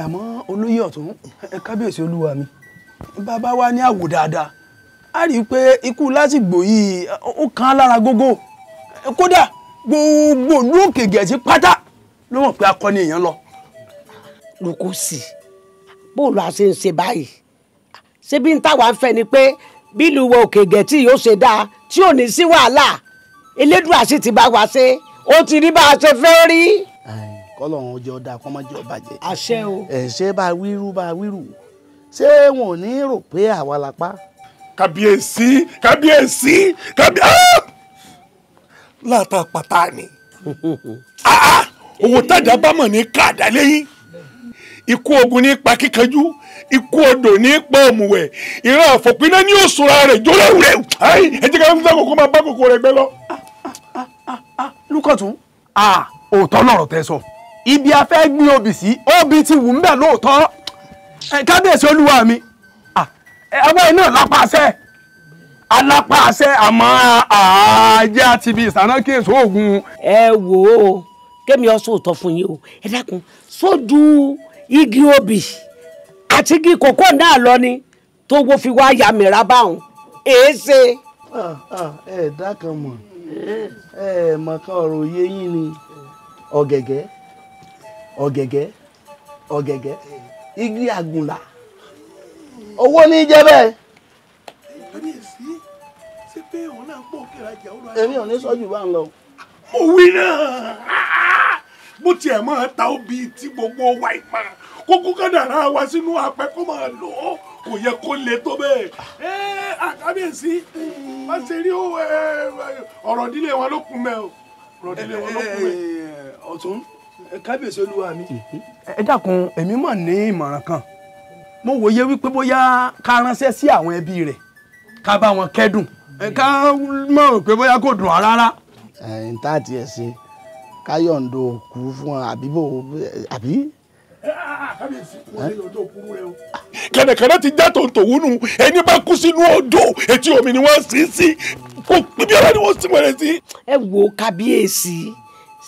àmọ́ olóyè ọ̀tún kábíyèsí olúwa mi bàbá wa ní àwò dáadáa a rí i pé ikú lásìgbò yìí ó kàn án lára gógó kódà gbogbo ìlú òkè gẹ̀ẹ́sì pátá ló mọ̀ pé akọni èèyàn lọ. lóko sí bóòlù àṣẹ ń ṣe báyìí ṣé bí n táwa ń fẹ́ ni pé bílù wo òkè gẹ̀ẹ́tì yóò ṣe dáa tí ò ní sí wàhálà elédùn àṣì ti bá wa ṣe ó ti rí bá a ṣe fẹ́ rí kọ́lọ́run jẹ́ ọ̀dà kọ́ mọ́ jẹ́ ọba jẹ́. àṣẹ o. ẹ̀ ṣe bá wíru bá wíru ṣé wọn ò ní rò pé àwa la pa. kábíyèsí kábíyèsí kábíyèsí láta pàtà ni owó tájà bá mọ̀ ní káàdá lẹ́yìn ikú ogun ní pa kíkanjú ikú odò ní pa òmùwẹ̀ ìran àfọ̀pínà ní òṣùra rẹ̀ jólẹ́wù ẹ jẹ́ ká ń fẹ́ kókó máa bá kókó rẹ̀ gbẹ lọ. lukọ̀tún òótọ́ lọ̀rọ̀ tẹ́ sọ. So. ibi a fẹ́ gbin obì sí obì ti wù ń bẹ̀ lóòótọ́ kábíyèsí olúwa mi ọmọ iná náà lápàṣẹ alápàṣẹ àmọ́ àjẹ́ àti ibi ìsáná kíyèsí oògùn. ẹ wò ó kémi ọsùn òótọ́ fún yín o ẹ dákun sójú igi obì àti igi kòkó náà lọ ni tó wo fi wá ya mìíràn báwọn èé ṣe. ẹ dákan mọ ẹ mọ̀ká ọ̀rọ̀ òye yín ni ọ̀gẹ̀gẹ̀. ọ̀gẹ̀gẹ̀ ọ̀gẹ̀gẹ̀ igi àgùnlà owó ní jẹ́ bẹ́ẹ̀. kábíyèsí ṣé pé òun èmi ò ní sọ́jú bá ń lọ. mo wí náà bó tiẹ̀ máa ta ó bíi tí gbogbo wa ìpa kókó kádàrá wa sínú apẹ kó máa lò ó kò yẹ kó le tó bẹ́ẹ̀. ẹ àkábíyèsí má ṣe rí ọ̀rọ̀ ìdílé wa ló mẹ́ o ọ̀rọ̀ ìdílé wa ló mẹ́. ọ̀tún kábíyèsí olúwa mi. ẹ dákun èmi mọ̀ ní ìmọ̀ràn kan mo wòye wípé bóyá ká ránṣẹ́ sí àwọn ẹbí rẹ̀ ká bá wọn kẹ́dùn ká mọ̀ pé bóyá kò dùn rárá. ẹ̀ ń tá àti ẹ̀ ṣe káyọ̀ǹdo kú fún wọn àbí bò àbí. kẹ̀nẹ̀kẹ̀nẹ̀ ti já tòǹtòwú nù ẹni bá kú sínú odò etí omi ni wọ́n sì sí kò pín bí ọlọ́ni wọ́n sì wẹ̀rẹ̀ sí. ẹ wo kábíyèsí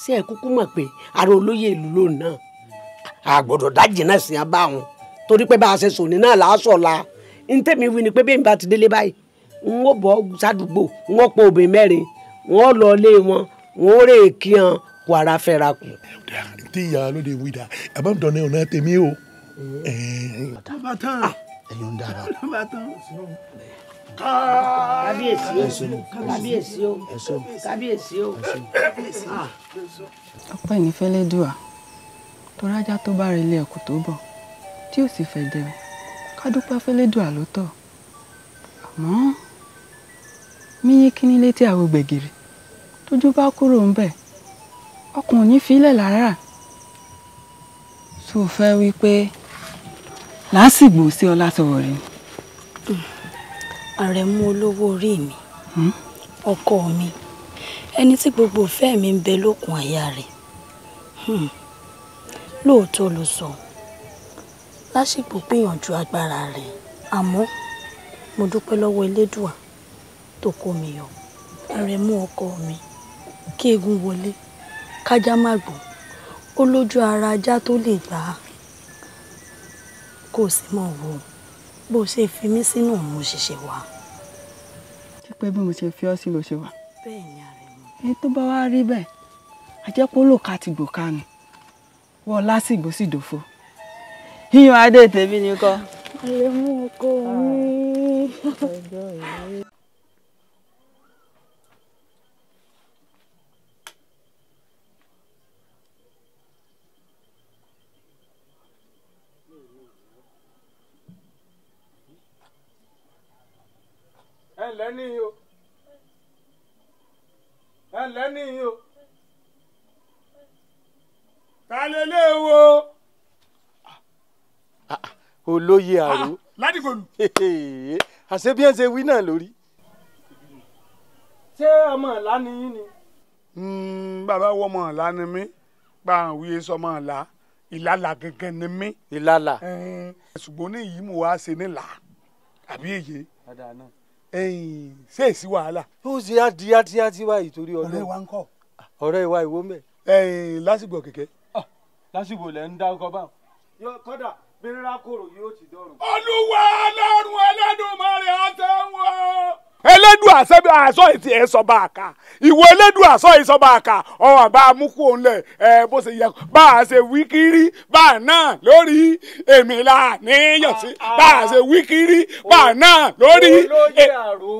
sí ẹ kúkú mọ̀ pé ara olóyè ìlú lòun náà àgbọ̀dọ̀ dájì náà sì ń wọn torí pé bá a ṣe sòní náà làásọ̀ la n tẹ́mi wí ni pé bí n bá ti délé báyìí n ó bọ̀ sádùúgbò n ó pọ̀ obìnrin mẹ́rin n ó lọ ilé wọn n ó rè kí hàn kó ara fẹ́ra kù. tí ìyá lóde wí dà àbámdọ̀nà ọ̀nà tèmi o. Ah! ẹ̀yin ń dára kábíyèsí o kábíyèsí o kábíyèsí o. Ah. ọpẹ́ ní fẹ́lẹ́dùà tó rájá tó bá relé ẹ̀kú tó bọ̀ tí ò sì fẹ́ dẹ̀rẹ̀ kádúpẹ́ fẹ́lẹ́dùà ló tọ́ àmọ́ míyí kíní létí àwọn gbẹ̀gìrì tójú bá kúrò ń bẹ̀ ọkùnrin ò ní filẹ̀ lára tó fẹ́ wí pé làásìgbò sí ọ lásọ̀rọ̀ rẹ̀ àrẹ̀mú olówó orí mi hmm? ọkọ mi ẹni tí gbogbo ìfẹ́ mi ń bẹ lókun àyà rẹ̀ hmm. lóòótọ́ ló sọ lásìkò gbìyànjú agbára rẹ̀ àmọ́ mo dúpẹ́ lọ́wọ́ elédùà tó kó mi yọ àrẹ̀mú ọkọ mi kí egun wọlé kájá má gbọ́ ó lójú ara ajá tó lè gbà á kó o sì mọ̀ wò bó ṣe fi mí sínú mo ṣe ṣe wà. ṣé pé bí mo ṣe fi ọ́ sí ló ṣe wà. bẹ́ẹ̀ ni ààrẹ mi. ẹni tó bá wá rí bẹ́ẹ̀ àjẹpọ́lòkà ti gbòkà ni wọ́n lásìgbò sì dòfo yíyan adé tèmi nìkan. àlẹ́ mú ọkọ mi. Ah. ẹ ǹlẹ́ níyìn o ẹ ǹlẹ́ níyìn o ta lélẹ́ e wo. Ah, ah, olóye ah, àrò ládìgbòlù àṣé bí ẹ ṣe wí náà lórí. ṣé ọmọ ìlà ni yín ni. Hmm, bàbá wọ ọmọ ìlà ni mí gba àwọn òye sọmọ ìlà ìlàlà gangan ni mí. ìlàlà. ṣùgbọ́n ní ìyí mo wá ṣe nílà àbí èyí ṣé èsì wàhálà. ó ṣe adìyẹ adìyẹ adìyẹ báyìí torí ọdún. ọ̀rẹ́ wa ń kọ́. ọ̀rẹ́ wa ìwọ mẹ́. lásìgbò kẹ̀kẹ́. lásìgbò lẹ́ ń dárúkọ bá. kódà bíríra kòrò yóò ti dọ̀rùn. olúwa ọlọ́run ẹlẹ́dùnmarè àtẹ̀wọ̀n elédùn àṣẹbí àṣọ ìtì ẹ sọba àká ìwọ elédùn àṣọ ìsọba àká ọ̀hún àbá amúkú òun lẹ̀ ẹ bó ṣe yẹ bá a ṣe wí kiri bá a náà lórí èmi là níyàn sí bá a ṣe wí kiri bá a náà lórí. olóyè àrò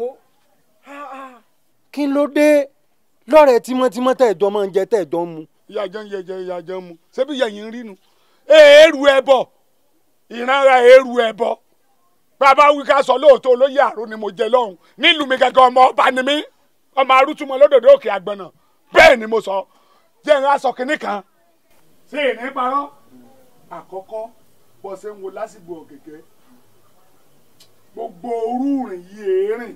kí ló dé lọ́rẹ̀ tímọ́tímọ́ tẹ̀dọ́ máa ń jẹ tẹ̀dọ́ mu. ìyá jẹun yẹ jẹ ìyá jẹun mu ṣebí yẹ̀yìn rí nu èèrú ẹbọ ìran ra èèrú ẹbọ bàbá wí ká sọ lóòótọ́ olóyè àrùn ni mo jẹ lọ́hùn nílùú mi gẹ́gẹ́ ọmọ ọba ni mí ọmọ arútúmọ̀ lódòdó òkè àgbọ̀nà bẹ́ẹ̀ ni mo sọ jẹ́ ń aṣọ kìnnì kan. ṣé ìní parọ́ àkọ́kọ́ bọ́ ṣe ń wo lásìgbò òkèké gbogbo orú rìn yí èérìn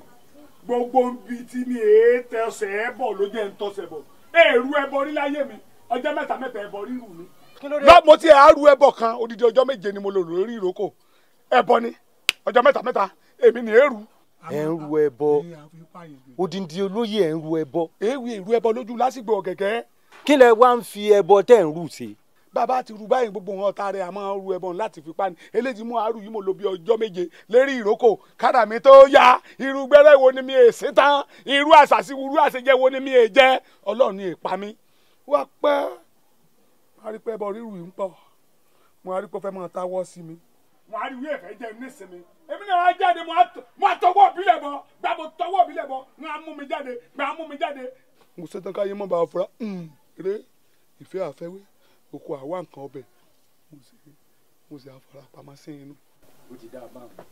gbogbo ibi tí mi èé tẹsẹ̀ ẹ̀ bọ̀ ló jẹ́ ń tọ́sẹ̀ bọ̀ èrú ẹbọ rí láyé mi ọjọ́ mẹ́ta mẹ́ta ẹbọ rírù mi. lọ́mọ tí ẹ̀ á ru ẹbọ kan odidi ọjọ́ méje ni mo lò lórí ìrókò ẹbọ ni ọjọ́ mẹ́ta mẹ́ta èmi ni èrú. ẹ ń ru ẹbọ odindi olóyè ẹ ń ru ẹbọ. èèwì ìrú ẹbọ lójú lásìgbò ọ̀gẹ̀gẹ̀. kí lẹ wá ń fi ẹbọ tẹ́ ń rù sí. bàbá ti ru báyìí gbogbo wọn ọ̀tá rẹ̀ àmọ́ ru ẹbọ láti fi pa ni eléyìí mú àrùn yìí mo lò bí ọjọ́ méje lérí ìrókò kára mi tó ya irú gbẹ́rẹ́ wo ni mi è sí tán irú àṣàṣì irú àṣejẹ wo ni mi è jẹ ọlọ́run ni ìpa mi. wá pẹ́ arípẹ́ bọ̀ rírù yìí ń pọ̀ mo arípẹ́ fẹ́ máa táwọ́ sí mi wọn á rí wíwẹ̀ fẹ́ jẹ́ nísìnyí èmi náà á jáde mo àtọwọ́ òbílẹ̀ bọ̀ gba mo tọwọ́ òbílẹ̀ bọ̀ ń á mi jáde gba á mi jáde. mo ṣetán káyé mọ́ bá a fura hmm, eré ìfẹ́ àfẹ́wé oko àwa nǹkan ọbẹ̀ mo sì àfara pamọ́ sí inú. ó ti dá a bá wọn.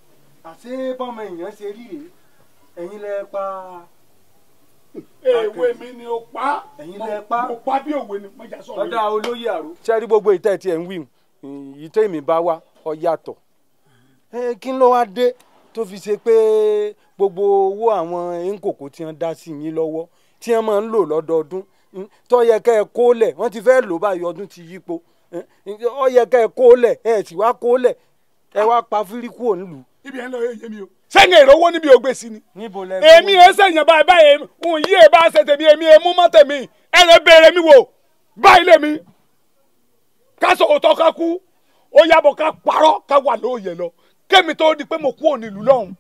àṣé bọ́mọ èèyàn ṣe rí rèé ẹ̀yin lẹ pa èwe mi ni o pa ẹ̀yin lẹ pa mo pa bí òwe ni mo jà sọ̀rọ̀ yìí. ọ̀dà olóyè àrò. ṣé rí gbogbo ìtẹ́ tí ẹ̀ ń wí ìtẹ́ mi bá wá ọ yàtọ̀ kí ló wá dé tó fi ṣe pé gbogbo owó àwọn nkòkò tí wọ́n dá sí yín lọ́wọ́ tí wọ́n máa ń lò lọ́dọọdún tó yẹ kẹ́ ẹ kó lẹ̀ wọ́n ti fẹ́ lò báyìí ọdún ti yípo ó yẹ kẹ́ ẹ kó lẹ̀ ẹ sì wá kó lẹ̀ ẹ wá pa fíríkù òǹlù. ibi ẹ̀ ń lọ yé mi o sẹ́yìn ìrówó níbi ògbé sí ni. níbo lẹ gbọ́ èmi ẹ sẹ́yìn báyìí báyìí òun yí ẹ bá ṣe tèmi èmi ẹ mú mọ́ tèmi ẹ lè béèrè mi wò báyìí lèmi ká sọ òótọ́ ká kú ó yàbọ̀ ká parọ́ ká wà lóòyè lọ kémi tó di pé mo kú òní ìlú lọ́hùn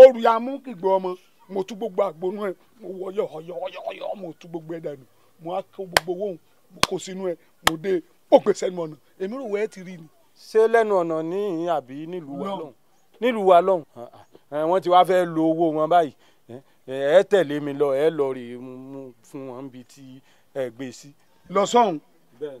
oru ya mú kí gbọ́ ọmọ mo tú gbogbo àgbónú ẹ mo wọ yọ̀yọ̀yọ̀ mo tú gbogbo ẹ dànù mo á kó gbogbo owó mo kó sínú ẹ mo dé ó gbèsè ẹnu ọ̀nà èmi rò wẹ́ẹ́ ti rí ni. ṣé lẹ́nu ọ̀nà ní ìhìn àbí nílùú wa lọ́hùn nílùú wa lọ́hùn wọ́n ti wá fẹ́ lo owó wọn báyìí ẹ tẹ̀lé mi lọ ẹ lọ rè fún wọn bíi ti ẹ gbé sí. lọ sọ́hùn. bẹ́ẹ̀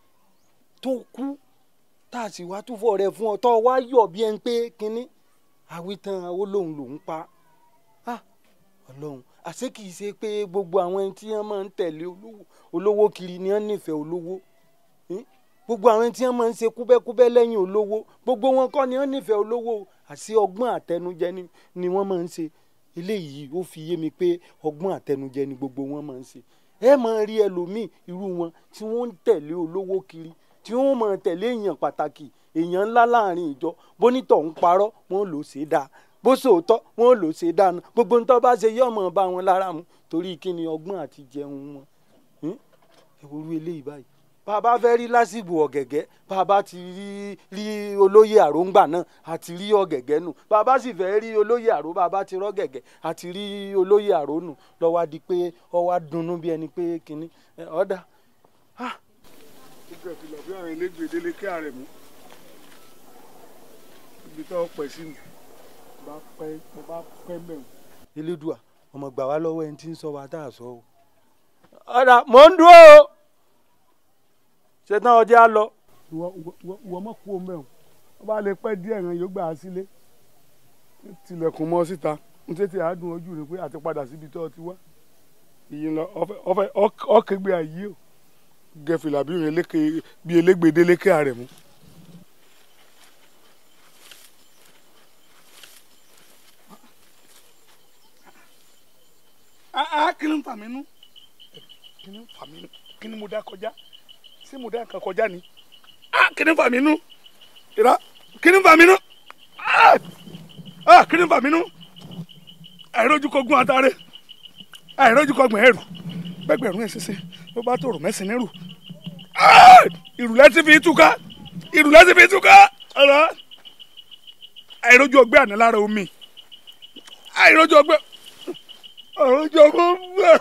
tó kú tá a sì wá túfọ̀ rẹ̀ fún ọ tó wá yọ̀ bí ẹni pé kínní àwítán ó lóun lòún pa ah, ọlọ́run àṣé kì í ṣe pé gbogbo àwọn ẹni tí wọ́n máa ń tẹ̀lé olówó kiri ni wọ́n nífẹ̀ẹ́ olówó hmm? gbogbo àwọn ẹni tí wọ́n máa ń ṣe kúbẹ́kúbẹ́ lẹ́yìn olówó gbogbo wọn kọ́ ni wọ́n nífẹ̀ẹ́ olówó àṣé ọgbọ́n àtẹnujẹ ni wọ́n máa ń ṣe eléyìí ó fi yé mi pé ọgbọ́n àtẹnujẹ ni gbogbo wọn máa ń ṣe ẹ máa rí ẹlòmíì irú wọn tí wọ́n ń tẹ̀lé olówó kiri tí wọ́n máa tẹ̀lé èèyàn pàtàkì èèyàn ńlá láàrin ìjọ bonítọ̀ ń parọ́ wọ́n lò ṣe dáa bó sòótọ́ wọ́n lò ṣe dáa gbogbo ń tó bá ṣe yọ̀ mọ̀ bá wọn lára mu torí kí ni ọgbọ́n àti jẹun wọn ìwòrú eléyìí báyìí bá a bá fẹ́ rí lásìgbò ọ̀gẹ̀gẹ̀ bá a bá ti rí rí olóyè àróńgbà náà àti rí ọ̀gẹ̀gẹ̀ nù bá a bá sì fẹ́ rí olóyè àró bá a bá ti rọ́gẹ̀gẹ̀ àti rí olóyè àró nù lọ́wọ́ di pé ọwọ́ dunnú bí ẹni pé kínní ọ̀dà ah kẹ̀ fi lọ bí àwọn elégbè délé kí ààrẹ mú ibi tó pẹ̀ sí mi bá pẹ́ mo bá pẹ́ mẹ́wọ̀n. elédùà ọmọ gbà wá lọ́wọ́ ẹni tí ń sọ wa tá a sọ o. ọ̀dà mò ń dúró o ṣetán ọjọ́ á lọ. ìwọ mọ̀ kú omi ẹ̀hún wọ́n bá lè pẹ́ díẹ̀ ràn yóò gbà á sílé tilẹ̀kùn mọ́ síta n tètè àádùn ojú rẹ pé àti padà síbi tó ti wá ìyìn lọ ọkẹgbẹ́ ayé o gẹ̀fìlà bí elégbèdé lékè àrẹ̀mú. Ah, ah, kí ni ń fà mí nú kí ni ń fà mí nú kí ni mo dá kọjá ṣé mo dá nǹkan kọjá ni ah, kí ni ń fà mí nú ìrà kí ni ń fà mí nú kí ni ń fà mí nú àìrójúkọ gún atare àìrójúkọ gbọ̀n ẹrù gbẹgbẹ̀rún ẹ̀ ṣinṣin ló bá tòrò mẹ́sìn nírù ah! ìrùlẹ̀ ti fi túká ìrùlẹ̀ ti fi túká ọ̀rọ̀ àìrójú ọgbẹ́ àná lára omi àìrójú ọgbẹ́ àìrójú ọgbẹ́.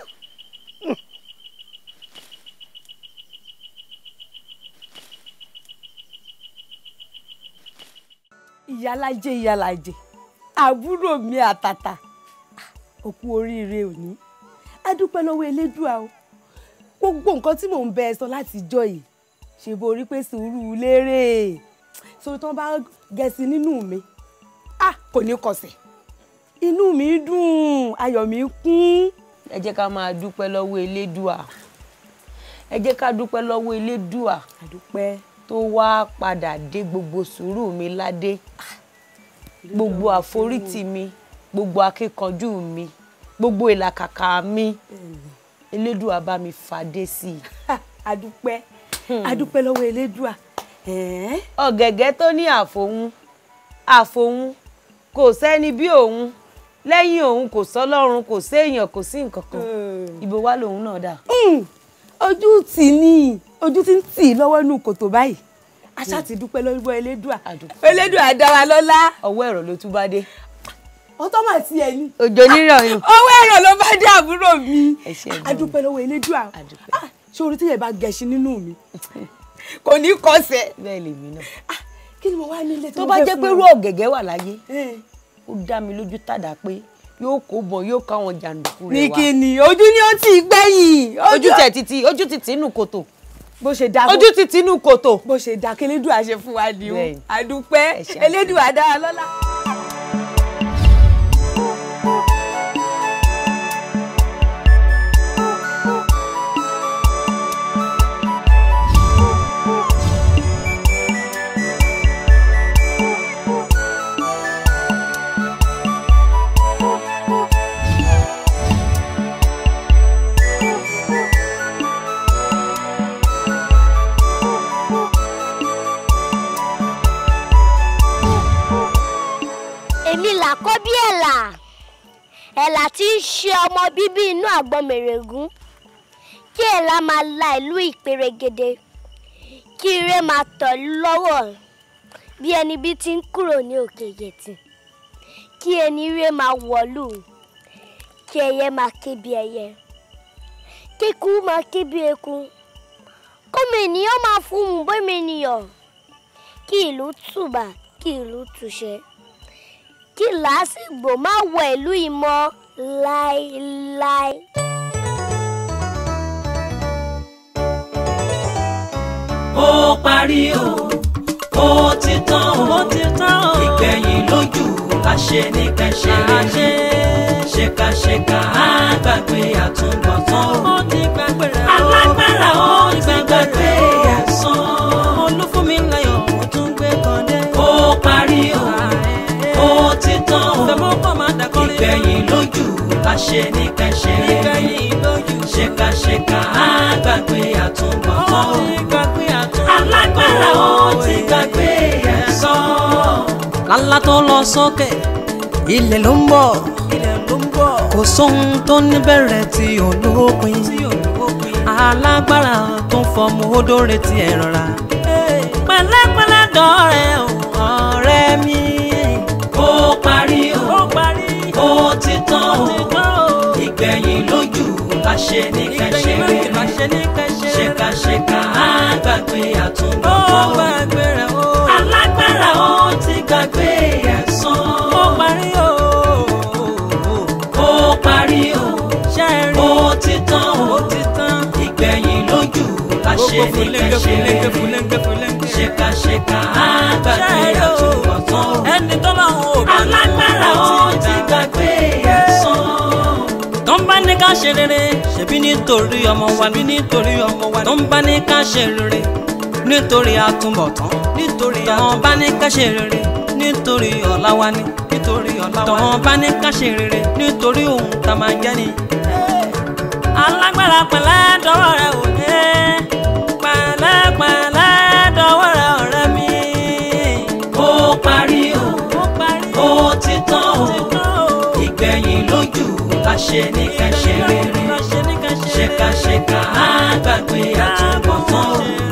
ìyálàjẹ ìyálàjẹ àbúrò mi àtàtà òkú ah, oríire òní a dúpẹ́ lọ́wọ́ elédùà o gbogbo nǹkan tí mò ń bẹ ẹ sọ láti jọ yìí ṣe bó pé sùúrù lérè so tí wọ́n bá gẹ̀ẹ́sì nínú mi ah kò ní kọsẹ̀ inú mi dùn ayọ̀ mi kún. ẹ jẹ́ ká máa dúpẹ́ lọ́wọ́ elédùà ẹ jẹ́ ká dúpẹ́ lọ́wọ́ elédùà àdúpẹ́ tó wá padà dé gbogbo sùúrù mi ládé gbogbo àforítì mi gbogbo akíkanjú mi gbogbo ìlàkàkà mi. Mm elédùà bá mi fàdé sí i. adúpẹ́ hmm. adúpẹ́ lọ́wọ́ elédùà. ọ̀gẹ̀gẹ̀ tó ní àfòun àfòun kò sẹ́ni bí òun lẹ́yìn òun kò sọ́lọ́run kò séèyàn kò sí nǹkan kan hmm. ibo wá lòun náà dà. Hmm. ojú tì ní ojú tí ń tì lọ́wọ́ nù kòtò báyìí aṣá ti dúpẹ́ lọ́wọ́ elédùà elédùà dá wa ọwọ́ ẹ̀rọ ló tún bá dé ó tọ́ mà sí ẹ ní. òjò nírọ̀ yìí. Ah, owó ẹ̀rọ ló bá dé àbúrò mi. adúpẹ́ lọ́wọ́ elédùà ah, ṣé orí tíyẹ̀ bá gẹṣin nínú mi kò ní kọsẹ̀. bẹ́ẹ̀ lèmi náà. Ah, kí ni mo wá nílé tí mo fẹ́ fún ọ. tó bá jẹ́ pé irú ọ̀gẹ̀gẹ̀ wà láyé ó dá mi lójú tàdá pé yóò kó bọ̀ yóò ká àwọn jàǹdùkú rẹ̀ wá. ní ni ojú ni ó ti gbẹ̀yìn. ojú tẹ̀ títí ojú títí nù kòtò bó ṣe dá ojú ti tinú kòtò bó ṣe dá kí elédùà ṣe fún wa ni o àdúpẹ́ elédùà dára lọ́la. ẹ̀là tí í ṣe ọmọ bíbí inú àgbọn mèrègún kí ẹ̀là máa la ìlú ìpèrègede kí ire máa tọ̀ lọ́wọ́ bí ẹni bí ti ń kúrò ní òkè yẹtì kí ẹni ire máa wọ̀lú kí ẹyẹ máa ké ẹyẹ kíkú máa ké eku kọ́mi ènìyàn máa fún un bómi ènìyàn kí ìlú tùbà kí ìlú túṣẹ́ kí làásìgbò má wọ ìlú yìí láéláé. ó parí o ó ti tán ó ti tán o ìgbẹ̀yìn lójú láṣẹ ní kẹṣẹ rẹ ṣèkàṣèkà á gbàgbé àtúbọ̀tán o ó ti gbàgbé rẹ. ká ṣe ní kẹ́ṣe ṣèkàṣèkà àgbàgbé àtúbọ̀tán alágbára ó ti gbàgbé ẹ̀san. lálá tó lọ sókè ilẹ̀ ló ń bọ̀ kò sóhun tó níbẹ̀rẹ̀ tí olópin alágbára tó fọmọ odó retí ẹ̀ rọra pẹ̀lẹ́pẹ̀lẹ́ dọ̀rẹ́ o. bá ṣe ní kẹṣẹrẹ ṣèkàṣèkà àgbàgbé àtúbọ̀ bọ̀ alágbára ó ti gbàgbé ẹ̀san. ó parí o. ó parí o. ó ti tán o. ìgbẹ̀yìn lójú la ṣe ní kẹṣẹrẹ ṣèkàṣèkà àgbàgbé àtúbọ̀ tán o. ẹni tó bá ń wò bá ń wò ó ti gbàgbé ẹ̀san ká ṣe rere ṣebí nítorí ọmọ wa ní nítorí ọmọ wa tó ń bá ní ká ṣe rere nítorí àtúbọ̀tán nítorí àwọn bá ní ká ṣe rere nítorí ọ̀la nítorí ọ̀la tọ̀hún bá ní ká ṣe rere nítorí ohun tá a máa jẹ́ ni. alágbára pẹ̀lẹ́ dọ́wọ́ rẹ̀ wò lé bá ṣe ní ká ṣe rere ṣe ká ṣe ká á gbàgbé àtúbọ̀tán.